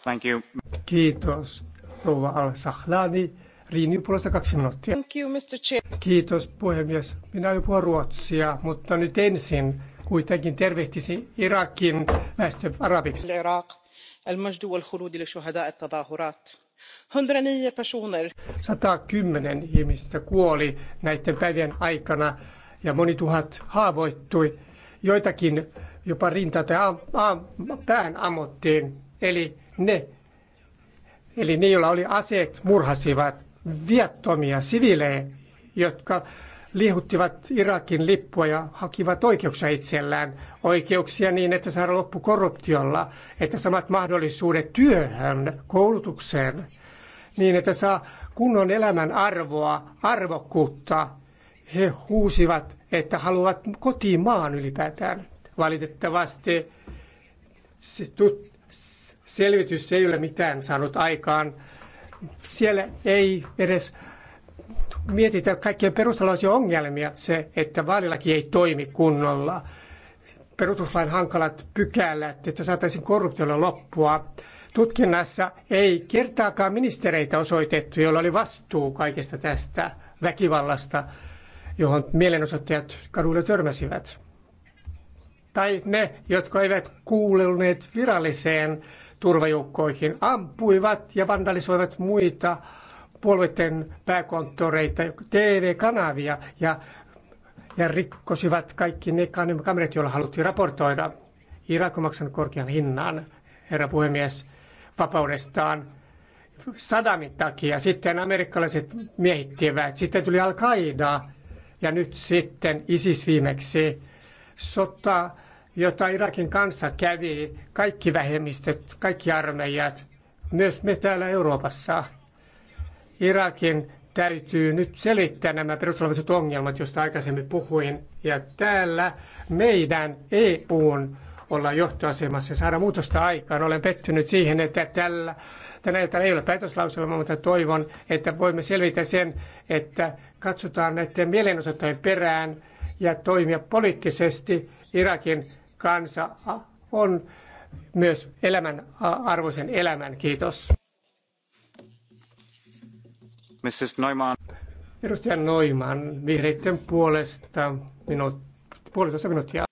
Thank you. Kiitos, rouva Al-Sahlani. Riini puolesta kaksi minuuttia. Thank you, Mr. Chair. Kiitos, puhemies. Minä aion puhua ruotsia, mutta nyt ensin kuitenkin tervehtisi Irakin väestö arabiksi. Irak 110 ihmistä kuoli näiden päivien aikana ja moni tuhat haavoittui. Joitakin jopa rinta tai pään ammuttiin. Eli ne, eli ne, joilla oli aseet, murhasivat viattomia siviilejä, jotka liihuttivat Irakin lippua ja hakivat oikeuksia itsellään. Oikeuksia niin, että saada loppu korruptiolla, että samat mahdollisuudet työhön, koulutukseen, niin että saa kunnon elämän arvoa, arvokkuutta. He huusivat, että haluavat kotimaan ylipäätään. Valitettavasti se tut- selvitys ei ole mitään saanut aikaan. Siellä ei edes mietitään kaikkien perustalaisia ongelmia se, että vaalilaki ei toimi kunnolla. Perustuslain hankalat pykälät, että saataisiin korruptiolle loppua. Tutkinnassa ei kertaakaan ministereitä osoitettu, joilla oli vastuu kaikesta tästä väkivallasta, johon mielenosoittajat kadulle törmäsivät. Tai ne, jotka eivät kuuluneet viralliseen turvajoukkoihin, ampuivat ja vandalisoivat muita puolueiden pääkonttoreita, TV-kanavia ja, ja rikkosivat kaikki ne kamerat, joilla haluttiin raportoida. Irak on maksanut korkean hinnan, herra puhemies, vapaudestaan. Sadamin takia. Sitten amerikkalaiset miehittivät. Sitten tuli al qaida ja nyt sitten ISIS viimeksi. Sota, jota Irakin kanssa kävi, kaikki vähemmistöt, kaikki armeijat, myös me täällä Euroopassa – Irakin täytyy nyt selittää nämä perustuslailliset ongelmat, joista aikaisemmin puhuin. Ja täällä meidän EUn olla johtoasemassa ja saada muutosta aikaan. Olen pettynyt siihen, että tällä, tänä iltana ei ole päätöslauselma, mutta toivon, että voimme selvitä sen, että katsotaan näiden mielenosoittajien perään ja toimia poliittisesti. Irakin kansa on myös elämän, arvoisen elämän. Kiitos. Mrs. Neumann. Edustaja Neumann, vihreiden puolesta minuut, puolitoista minuuttia.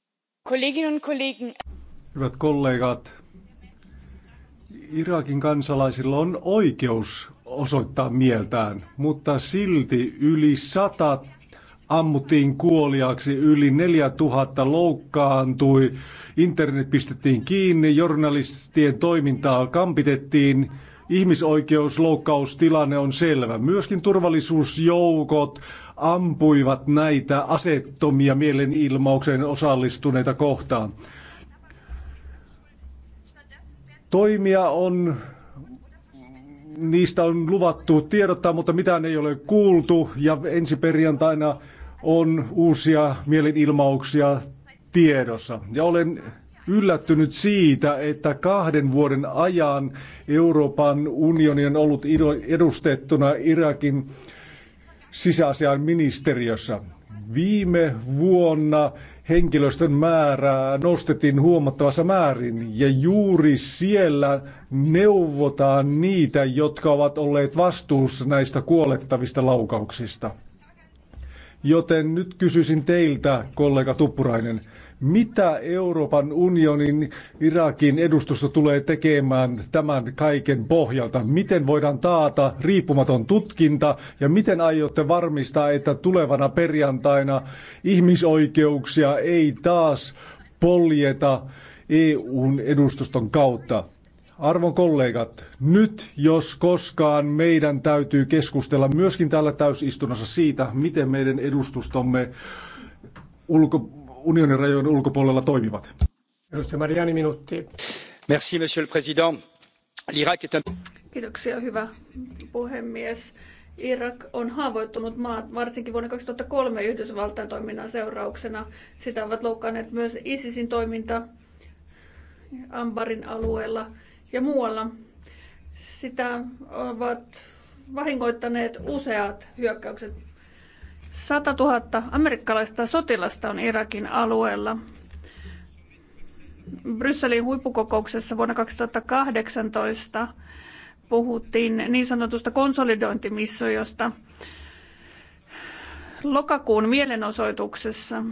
Hyvät kollegat, Irakin kansalaisilla on oikeus osoittaa mieltään, mutta silti yli sata ammuttiin kuoliaksi, yli 4000 loukkaantui, internet pistettiin kiinni, journalistien toimintaa kampitettiin ihmisoikeusloukkaustilanne on selvä. Myöskin turvallisuusjoukot ampuivat näitä asettomia mielenilmaukseen osallistuneita kohtaan. Toimia on niistä on luvattu tiedottaa, mutta mitään ei ole kuultu. Ja ensi perjantaina on uusia mielenilmauksia tiedossa. Ja olen yllättynyt siitä, että kahden vuoden ajan Euroopan unioni on ollut edustettuna Irakin sisäasiainministeriössä. ministeriössä. Viime vuonna henkilöstön määrää nostettiin huomattavassa määrin ja juuri siellä neuvotaan niitä, jotka ovat olleet vastuussa näistä kuolettavista laukauksista. Joten nyt kysyisin teiltä, kollega Tuppurainen, mitä Euroopan unionin Irakin edustusta tulee tekemään tämän kaiken pohjalta? Miten voidaan taata riippumaton tutkinta ja miten aiotte varmistaa, että tulevana perjantaina ihmisoikeuksia ei taas poljeta EUn edustuston kautta? Arvon kollegat, nyt jos koskaan meidän täytyy keskustella myöskin täällä täysistunnossa siitä, miten meidän edustustomme ulko, unionin rajojen ulkopuolella toimivat. Edustaja Mariani, minuutti. Merci, monsieur le président. L'Irak est un... Kiitoksia, hyvä puhemies. Irak on haavoittunut maa, varsinkin vuonna 2003 Yhdysvaltain toiminnan seurauksena. Sitä ovat loukkaaneet myös ISISin toiminta Ambarin alueella ja muualla. Sitä ovat vahingoittaneet useat hyökkäykset 100 000 amerikkalaista sotilasta on Irakin alueella. Brysselin huippukokouksessa vuonna 2018 puhuttiin niin sanotusta konsolidointimissiosta lokakuun mielenosoituksessa,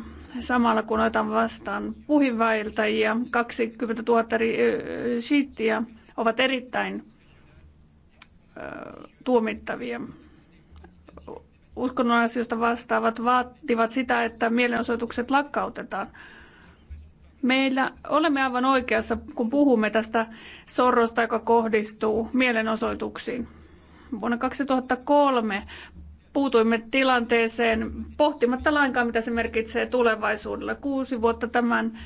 samalla kun otan vastaan puhinvaeltajia, 20 000 shiittiä ovat erittäin ö, tuomittavia uskonnon asioista vastaavat vaativat sitä, että mielenosoitukset lakkautetaan. Meillä olemme aivan oikeassa, kun puhumme tästä sorrosta, joka kohdistuu mielenosoituksiin. Vuonna 2003 puutuimme tilanteeseen pohtimatta lainkaan, mitä se merkitsee tulevaisuudelle. Kuusi vuotta tämän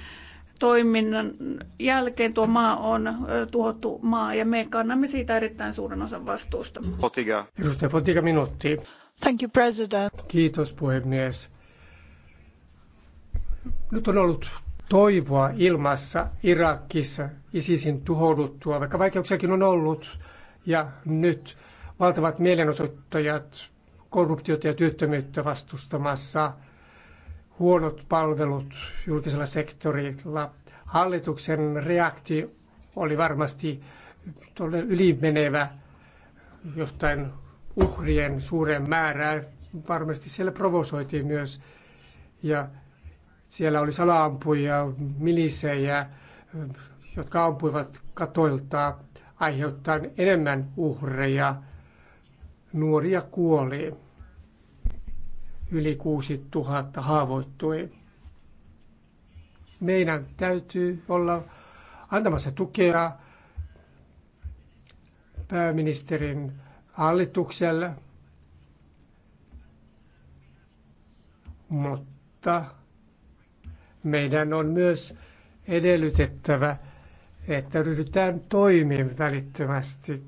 toiminnan jälkeen tuo maa on tuhottu maa ja me kannamme siitä erittäin suuren osan vastuusta. Fotiga. Edustaja Fotiga minuutti. Thank you, President. Kiitos puhemies. Nyt on ollut toivoa ilmassa Irakissa ISISin tuhouduttua, vaikka vaikeuksiakin on ollut. Ja nyt valtavat mielenosoittajat korruptiota ja työttömyyttä vastustamassa, huonot palvelut julkisella sektorilla. Hallituksen reaktio oli varmasti ylimenevä johtain uhrien suuren määrään. Varmasti siellä provosoitiin myös ja siellä oli salaampuja, milisejä, jotka ampuivat katoilta aiheuttaen enemmän uhreja. Nuoria kuoli. Yli 6000 haavoittui. Meidän täytyy olla antamassa tukea pääministerin hallitukselle, mutta meidän on myös edellytettävä, että ryhdytään toimiin välittömästi,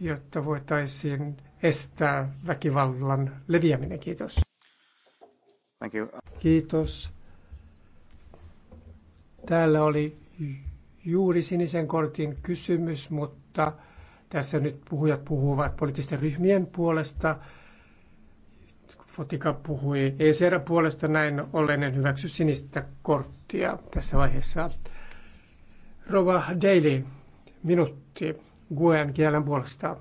jotta voitaisiin estää väkivallan leviäminen. Kiitos. Thank you. Kiitos. Täällä oli juuri sinisen kortin kysymys, mutta tässä nyt puhujat puhuvat poliittisten ryhmien puolesta. Fotika puhui ECR puolesta, näin ollen en hyväksy sinistä korttia tässä vaiheessa. Rova Daily, minuutti Guen kielen puolesta.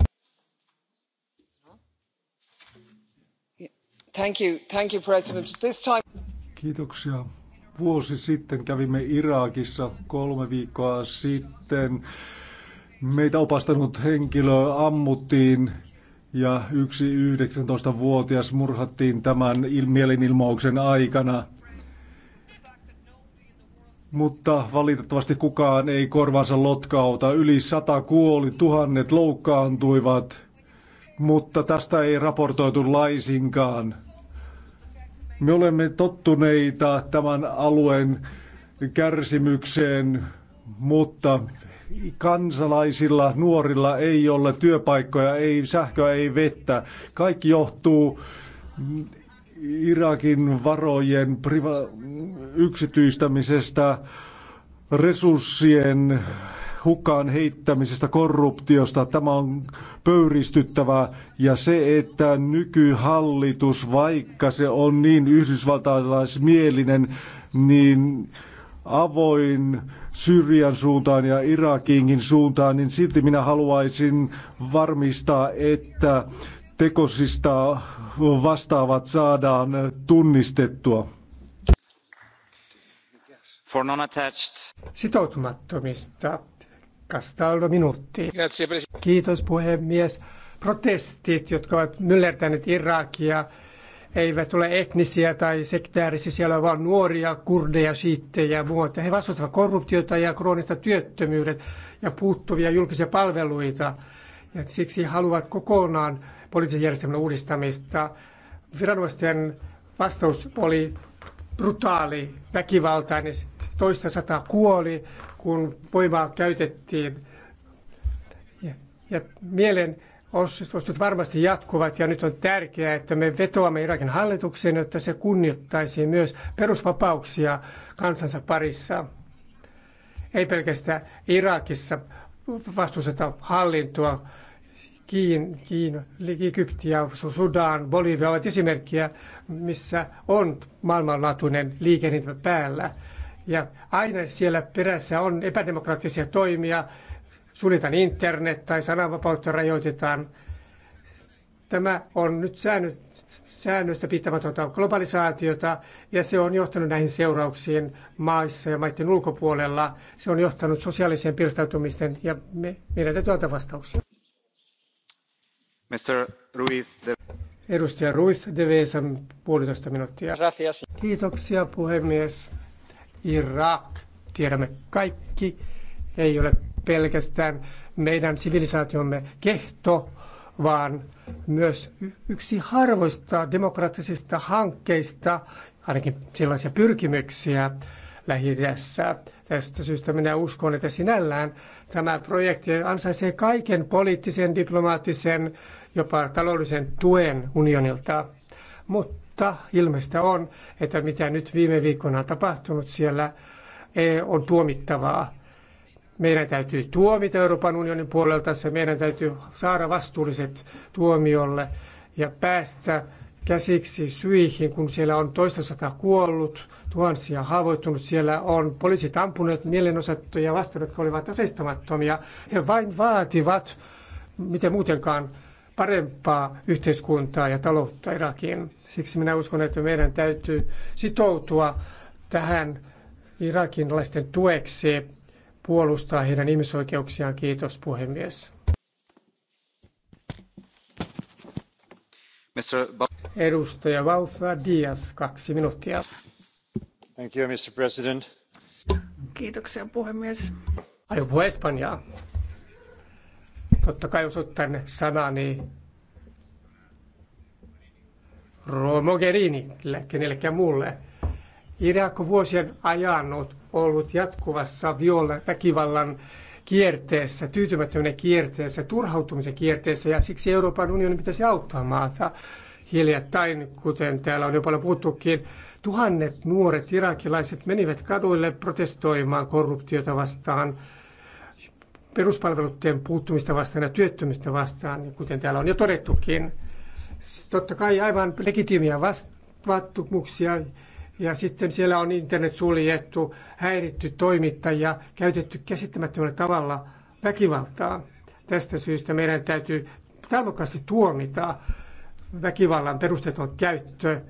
Thank you, thank you, President. This time... Kiitoksia. Vuosi sitten kävimme Irakissa kolme viikkoa sitten Meitä opastanut henkilö ammuttiin ja yksi 19-vuotias murhattiin tämän mielenilmauksen aikana. Mutta valitettavasti kukaan ei korvansa lotkauta. Yli sata kuoli, tuhannet loukkaantuivat, mutta tästä ei raportoitu laisinkaan. Me olemme tottuneita tämän alueen kärsimykseen, mutta kansalaisilla, nuorilla ei ole työpaikkoja, ei sähköä, ei vettä. Kaikki johtuu Irakin varojen priva- yksityistämisestä, resurssien hukkaan heittämisestä, korruptiosta. Tämä on pöyristyttävää. Ja se, että nykyhallitus, vaikka se on niin yhdysvaltalaismielinen, niin avoin Syyrian suuntaan ja Irakiinkin suuntaan, niin silti minä haluaisin varmistaa, että tekosista vastaavat saadaan tunnistettua. For non Sitoutumattomista. Castaldo minuutti. Kiitos puhemies. Protestit, jotka ovat myllertäneet Irakia, eivät ole etnisiä tai sektäärisiä, siellä on vain nuoria, kurdeja, siittejä ja muuta. He vastustavat korruptiota ja kroonista työttömyydet ja puuttuvia julkisia palveluita. Ja siksi haluavat kokonaan poliittisen järjestelmän uudistamista. Viranomaisten vastaus oli brutaali, väkivaltainen, toista sata kuoli, kun voimaa käytettiin. Ja, ja mielen Ostot varmasti jatkuvat ja nyt on tärkeää, että me vetoamme Irakin hallitukseen, että se kunnioittaisi myös perusvapauksia kansansa parissa. Ei pelkästään Irakissa vastusteta hallintoa. Kiin, Kiin, ja Sudan, Bolivia ovat esimerkkejä, missä on maailmanlaatuinen liikehdintä päällä. Ja aina siellä perässä on epädemokraattisia toimia, suljetaan internet tai sananvapautta rajoitetaan. Tämä on nyt säännöt, säännöstä pitämätöntä globalisaatiota ja se on johtanut näihin seurauksiin maissa ja maiden ulkopuolella. Se on johtanut sosiaaliseen pirstautumisten ja me, meidän täytyy antaa vastauksia. Mr. Ruiz de... Edustaja Ruiz de Vesan, puolitoista minuuttia. Gracias. Kiitoksia puhemies. Irak, tiedämme kaikki, ei ole pelkästään meidän sivilisaatiomme kehto, vaan myös yksi harvoista demokraattisista hankkeista, ainakin sellaisia pyrkimyksiä lähi -idässä. Tästä syystä minä uskon, että sinällään tämä projekti ansaisee kaiken poliittisen, diplomaattisen, jopa taloudellisen tuen unionilta. Mutta ilmeistä on, että mitä nyt viime viikkoina on tapahtunut siellä, e on tuomittavaa. Meidän täytyy tuomita Euroopan unionin puolelta se, meidän täytyy saada vastuulliset tuomiolle ja päästä käsiksi syihin, kun siellä on toista sata kuollut, tuhansia haavoittunut. Siellä on poliisit ampuneet mielenosoittajia vastaan, jotka olivat aseistamattomia. He vain vaativat, miten muutenkaan, parempaa yhteiskuntaa ja taloutta Irakiin. Siksi minä uskon, että meidän täytyy sitoutua tähän irakinlaisten tueksi puolustaa heidän ihmisoikeuksiaan. Kiitos puhemies. Edustaja Valsa Diaz, kaksi minuuttia. Thank you, Mr. President. Kiitoksia puhemies. Aion puhua Espanjaa. Totta kai osoittain sanani Romogerinille, kenellekään muulle. Irak on vuosien ajanut ollut jatkuvassa viola väkivallan kierteessä, tyytymättömyyden kierteessä, turhautumisen kierteessä ja siksi Euroopan unionin pitäisi auttaa maata hiljattain, kuten täällä on jo paljon puhuttukin. Tuhannet nuoret irakilaiset menivät kaduille protestoimaan korruptiota vastaan, peruspalveluiden puuttumista vastaan ja työttömistä vastaan, niin kuten täällä on jo todettukin. Totta kai aivan legitiimiä vaatimuksia ja sitten siellä on internet suljettu, häiritty toimittajia, käytetty käsittämättömällä tavalla väkivaltaa. Tästä syystä meidän täytyy tarmokkaasti tuomita väkivallan perusteeton käyttö.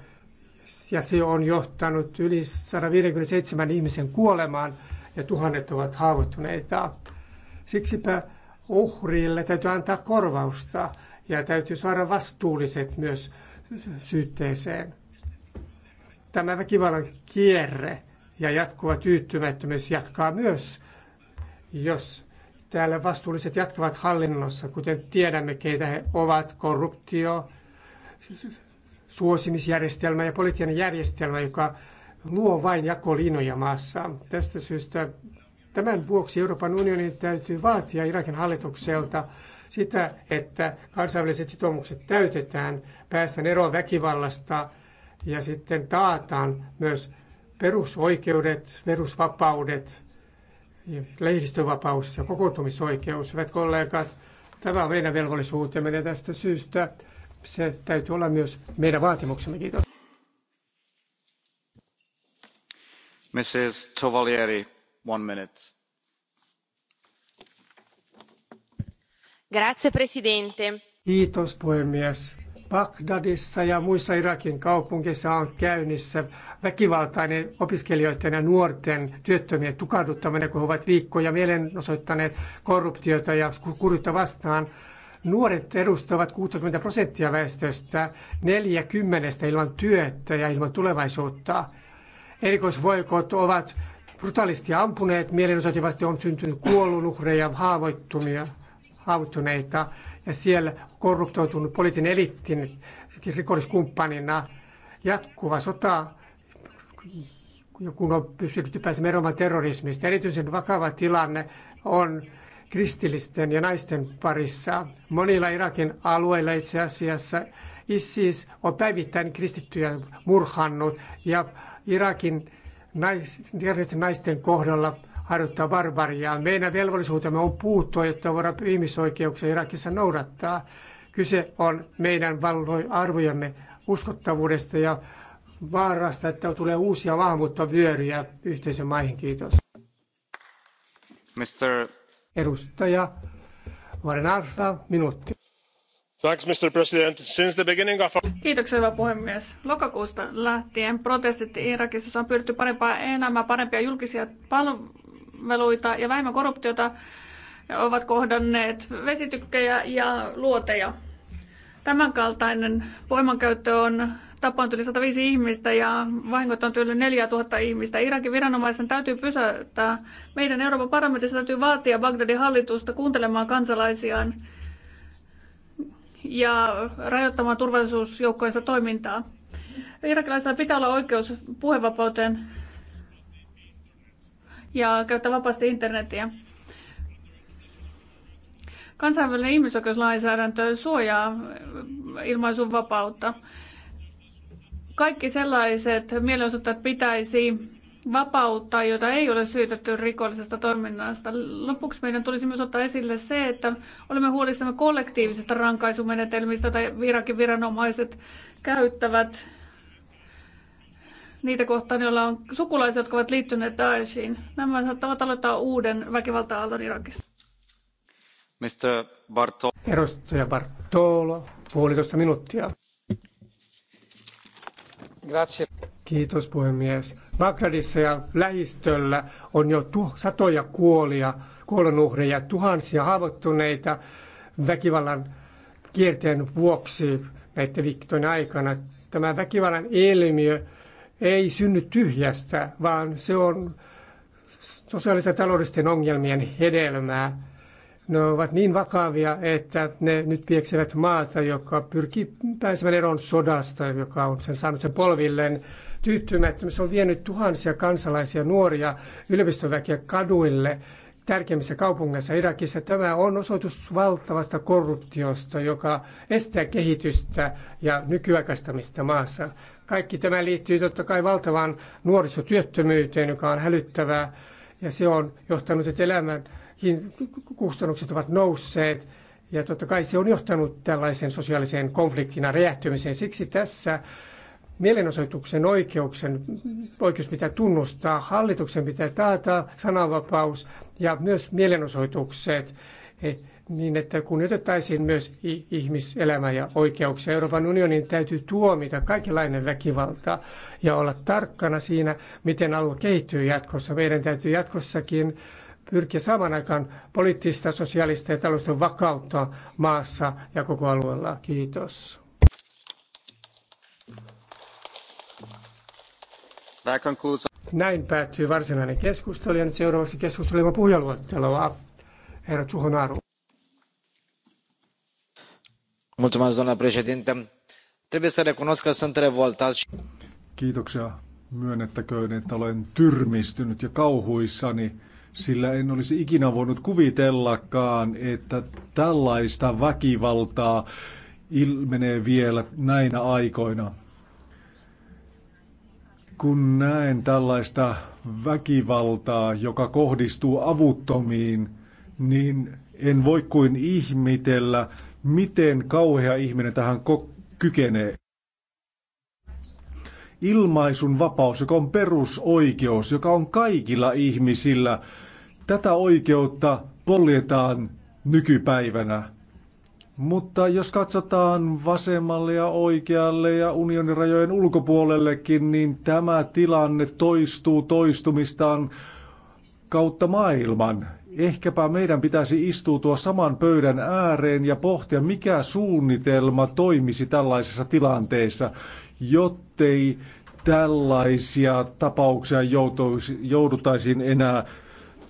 Ja se on johtanut yli 157 ihmisen kuolemaan ja tuhannet ovat haavoittuneita. Siksipä uhrille täytyy antaa korvausta ja täytyy saada vastuulliset myös syytteeseen. Tämä väkivallan kierre ja jatkuva tyytymättömyys jatkaa myös, jos täällä vastuulliset jatkavat hallinnossa, kuten tiedämme, keitä he ovat, korruptio, suosimisjärjestelmä ja poliittinen järjestelmä, joka luo vain jakolinoja maassa. Tästä syystä tämän vuoksi Euroopan unionin täytyy vaatia Irakin hallitukselta sitä, että kansainväliset sitoumukset täytetään, päästään eroon väkivallasta ja sitten taataan myös perusoikeudet, perusvapaudet, lehdistövapaus ja kokoontumisoikeus. Hyvät kollegat, tämä on meidän velvollisuutemme ja tästä syystä se täytyy olla myös meidän vaatimuksemme. Kiitos. Mrs. Tovalieri, one minute. Grazie, Presidente. Kiitos puhemies. Bagdadissa ja muissa Irakin kaupungeissa on käynnissä väkivaltainen opiskelijoiden ja nuorten työttömien tukahduttaminen, kun he ovat viikkoja mielenosoittaneet korruptiota ja kurjuutta vastaan. Nuoret edustavat 60 prosenttia väestöstä, 40 ilman työtä ja ilman tulevaisuutta. Erikoisvoikot ovat brutaalisti ampuneet, mielenosoitivasti on syntynyt kuollunuhreja, haavoittumia, haavoittuneita ja siellä korruptoitunut poliittinen elittin rikolliskumppanina jatkuva sota, kun on pystytty pääsemään eroamaan terrorismista. Erityisen vakava tilanne on kristillisten ja naisten parissa. Monilla Irakin alueilla itse asiassa ISIS on päivittäin kristittyjä murhannut ja Irakin nais, naisten kohdalla harjoittaa barbariaa. Meidän velvollisuutemme on puuttua, jotta voidaan ihmisoikeuksia Irakissa noudattaa. Kyse on meidän arvojamme uskottavuudesta ja vaarasta, että tulee uusia maahanmuuttovyöryjä yhteisön maihin. Kiitos. Mr. Edustaja Arfa, minuutti. Thanks, Mr. President. Since the beginning of... Kiitoksia, hyvä puhemies. Lokakuusta lähtien protestit Irakissa on pyritty parempaa elämää, parempia julkisia pal- veluita ja vähemmän korruptiota ovat kohdanneet vesitykkejä ja luoteja. Tämänkaltainen voimankäyttö on tappanut yli 105 ihmistä ja vahingot on yli 4000 ihmistä. Irakin viranomaisten täytyy pysäyttää. Meidän Euroopan parlamentissa täytyy vaatia Bagdadin hallitusta kuuntelemaan kansalaisiaan ja rajoittamaan turvallisuusjoukkojensa toimintaa. Irakilaisilla pitää olla oikeus puhevapauteen ja käyttää vapaasti internetiä. Kansainvälinen ihmisoikeuslainsäädäntö suojaa ilmaisun vapautta. Kaikki sellaiset mielenosoittajat pitäisi vapauttaa, jota ei ole syytetty rikollisesta toiminnasta. Lopuksi meidän tulisi myös ottaa esille se, että olemme huolissamme kollektiivisesta rankaisumenetelmistä, tai Irakin viranomaiset käyttävät niitä kohtaan, joilla on sukulaiset, jotka ovat liittyneet Daeshiin. Nämä saattavat aloittaa uuden väkivalta-aallon Irakista. Mr. Bartolo. Edustaja Bartolo, puolitoista minuuttia. Grazie. Kiitos puhemies. Bagdadissa ja lähistöllä on jo tu- satoja kuolia, kuolonuhreja, tuhansia haavoittuneita väkivallan kierteen vuoksi näiden viikkojen aikana. Tämä väkivallan ilmiö ei synny tyhjästä, vaan se on sosiaalisten taloudellisten ongelmien hedelmää. Ne ovat niin vakavia, että ne nyt pieksevät maata, joka pyrkii pääsemään eroon sodasta, joka on sen saanut sen polvilleen. Tyytymättömyys on vienyt tuhansia kansalaisia, nuoria, yliopistoväkiä kaduille tärkeimmissä kaupungeissa Irakissa. Tämä on osoitus valtavasta korruptiosta, joka estää kehitystä ja nykyaikaistamista maassa. Kaikki tämä liittyy totta kai valtavaan nuorisotyöttömyyteen, joka on hälyttävää. Ja se on johtanut, että elämän kustannukset ovat nousseet. Ja totta kai se on johtanut tällaisen sosiaaliseen konfliktin räjähtymiseen. Siksi tässä mielenosoituksen oikeuksen, oikeus pitää tunnustaa, hallituksen pitää taata sananvapaus ja myös mielenosoitukset niin, että kunnioitettaisiin myös ihmiselämää ja oikeuksia. Euroopan unionin täytyy tuomita kaikenlainen väkivalta ja olla tarkkana siinä, miten alue kehittyy jatkossa. Meidän täytyy jatkossakin pyrkiä saman aikaan poliittista, sosiaalista ja taloudellista vakautta maassa ja koko alueella. Kiitos. Näin päättyy varsinainen keskustelu ja nyt seuraavaksi on puhujaluotteloa. Herra Tsuhonaru doamnă președintă trebuie să recunosc că sunt revoltat și... Kiitoksia. Myönnettäköön, että olen tyrmistynyt ja kauhuissani, sillä en olisi ikinä voinut kuvitellakaan, että tällaista väkivaltaa ilmenee vielä näinä aikoina. Kun näen tällaista väkivaltaa, joka kohdistuu avuttomiin, niin en voi kuin ihmitellä, miten kauhea ihminen tähän kykenee. Ilmaisun vapaus, joka on perusoikeus, joka on kaikilla ihmisillä, tätä oikeutta poljetaan nykypäivänä. Mutta jos katsotaan vasemmalle ja oikealle ja unionin rajojen ulkopuolellekin, niin tämä tilanne toistuu toistumistaan kautta maailman. Ehkäpä meidän pitäisi istuutua saman pöydän ääreen ja pohtia, mikä suunnitelma toimisi tällaisessa tilanteessa, jottei tällaisia tapauksia joutuisi, jouduttaisiin enää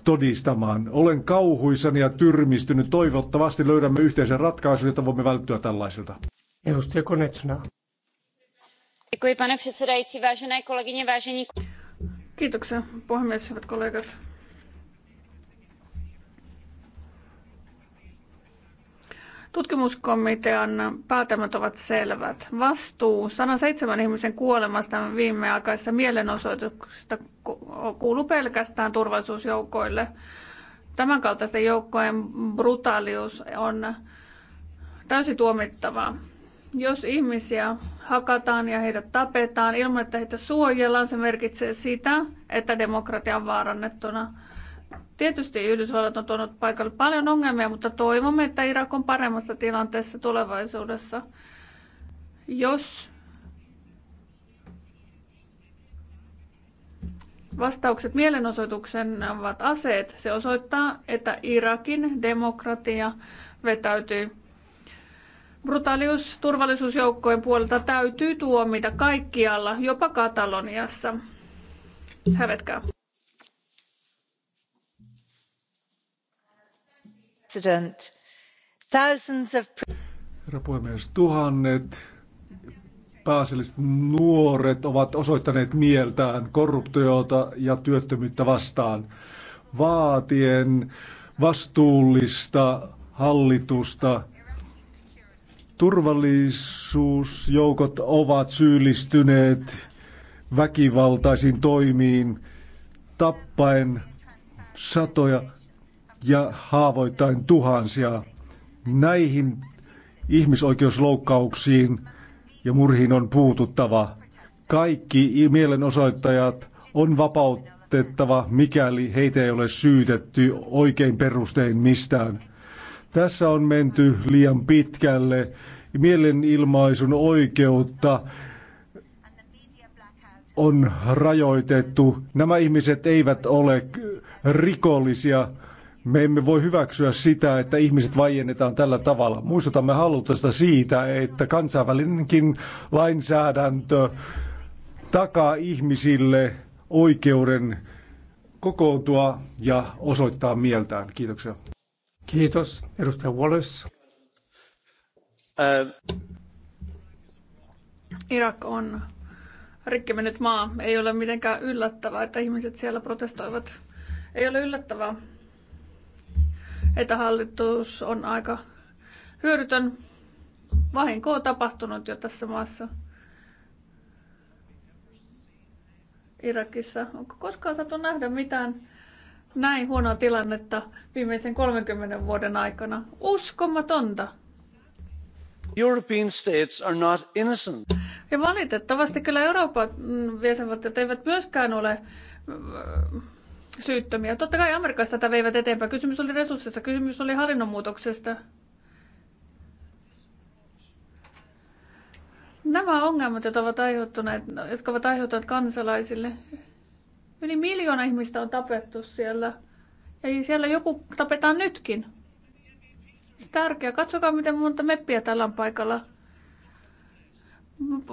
todistamaan. Olen kauhuisani ja tyrmistynyt. Toivottavasti löydämme yhteisen ratkaisun, jotta voimme välttyä tällaiselta. Edustaja Konecna. Děkuji, pane předsedající, vážené kolegyně, vážení... Kiitoksia, puhemies, hyvät kollegat. Tutkimuskomitean päätelmät ovat selvät. Vastuu 107 ihmisen kuolemasta viimeaikaisissa mielenosoituksesta kuuluu pelkästään turvallisuusjoukoille. Tämänkaltaisten joukkojen brutaalius on täysin tuomittavaa. Jos ihmisiä hakataan ja heidät tapetaan ilman, että heitä suojellaan, se merkitsee sitä, että demokratia on vaarannettuna. Tietysti Yhdysvallat on tuonut paikalle paljon ongelmia, mutta toivomme, että Irak on paremmassa tilanteessa tulevaisuudessa. Jos vastaukset mielenosoituksen ovat aseet, se osoittaa, että Irakin demokratia vetäytyy. Brutaalius turvallisuusjoukkojen puolelta täytyy tuomita kaikkialla, jopa Kataloniassa. Hävetkää. Herra puhemies, tuhannet pääasialliset nuoret ovat osoittaneet mieltään korruptiota ja työttömyyttä vastaan, vaatien vastuullista hallitusta. Turvallisuusjoukot ovat syyllistyneet väkivaltaisiin toimiin, tappaen satoja ja haavoittain tuhansia. Näihin ihmisoikeusloukkauksiin ja murhiin on puututtava. Kaikki mielenosoittajat on vapautettava, mikäli heitä ei ole syytetty oikein perustein mistään. Tässä on menty liian pitkälle. Mielenilmaisun oikeutta on rajoitettu. Nämä ihmiset eivät ole rikollisia me emme voi hyväksyä sitä, että ihmiset vaiennetaan tällä tavalla. Muistutamme halutusta siitä, että kansainvälinenkin lainsäädäntö takaa ihmisille oikeuden kokoontua ja osoittaa mieltään. Kiitoksia. Kiitos. Edustaja Wallace. Äh. Irak on rikki mennyt maa. Ei ole mitenkään yllättävää, että ihmiset siellä protestoivat. Ei ole yllättävää, että hallitus on aika hyödytön. Vahinko on tapahtunut jo tässä maassa. Irakissa. Onko koskaan saatu nähdä mitään näin huonoa tilannetta viimeisen 30 vuoden aikana? Uskomatonta! European states are not innocent. Ja valitettavasti kyllä Euroopan jäsenvaltiot eivät myöskään ole syyttömiä. Totta kai Amerikasta tätä veivät eteenpäin. Kysymys oli resursseista, kysymys oli hallinnonmuutoksesta. Nämä ongelmat, jotka ovat aiheuttaneet, jotka ovat aiheuttaneet kansalaisille, yli miljoona ihmistä on tapettu siellä. Ja siellä joku tapetaan nytkin. Se tärkeää. Katsokaa, miten monta meppiä tällä on paikalla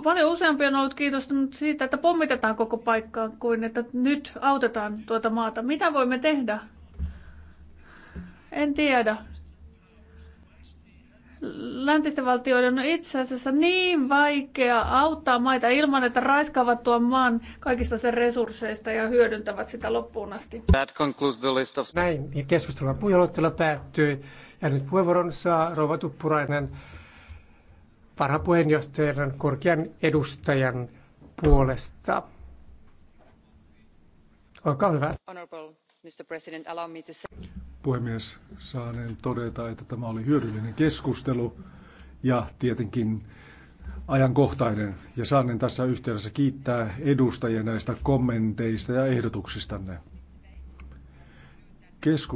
paljon useampi on ollut kiitostunut siitä, että pommitetaan koko paikkaa, kuin että nyt autetaan tuota maata. Mitä voimme tehdä? En tiedä. Läntisten valtioiden on itse asiassa niin vaikea auttaa maita ilman, että raiskaavat tuon maan kaikista sen resursseista ja hyödyntävät sitä loppuun asti. That concludes the list of... Näin keskustelua puheenjohtajalla päättyy. Ja nyt puheenvuoron saa Rova Tuppurainen varapuheenjohtajan korkean edustajan puolesta. Olkaa hyvä. Puhemies, saaneen todeta, että tämä oli hyödyllinen keskustelu ja tietenkin ajankohtainen. Ja saanen tässä yhteydessä kiittää edustajia näistä kommenteista ja ehdotuksistanne. Keskustelu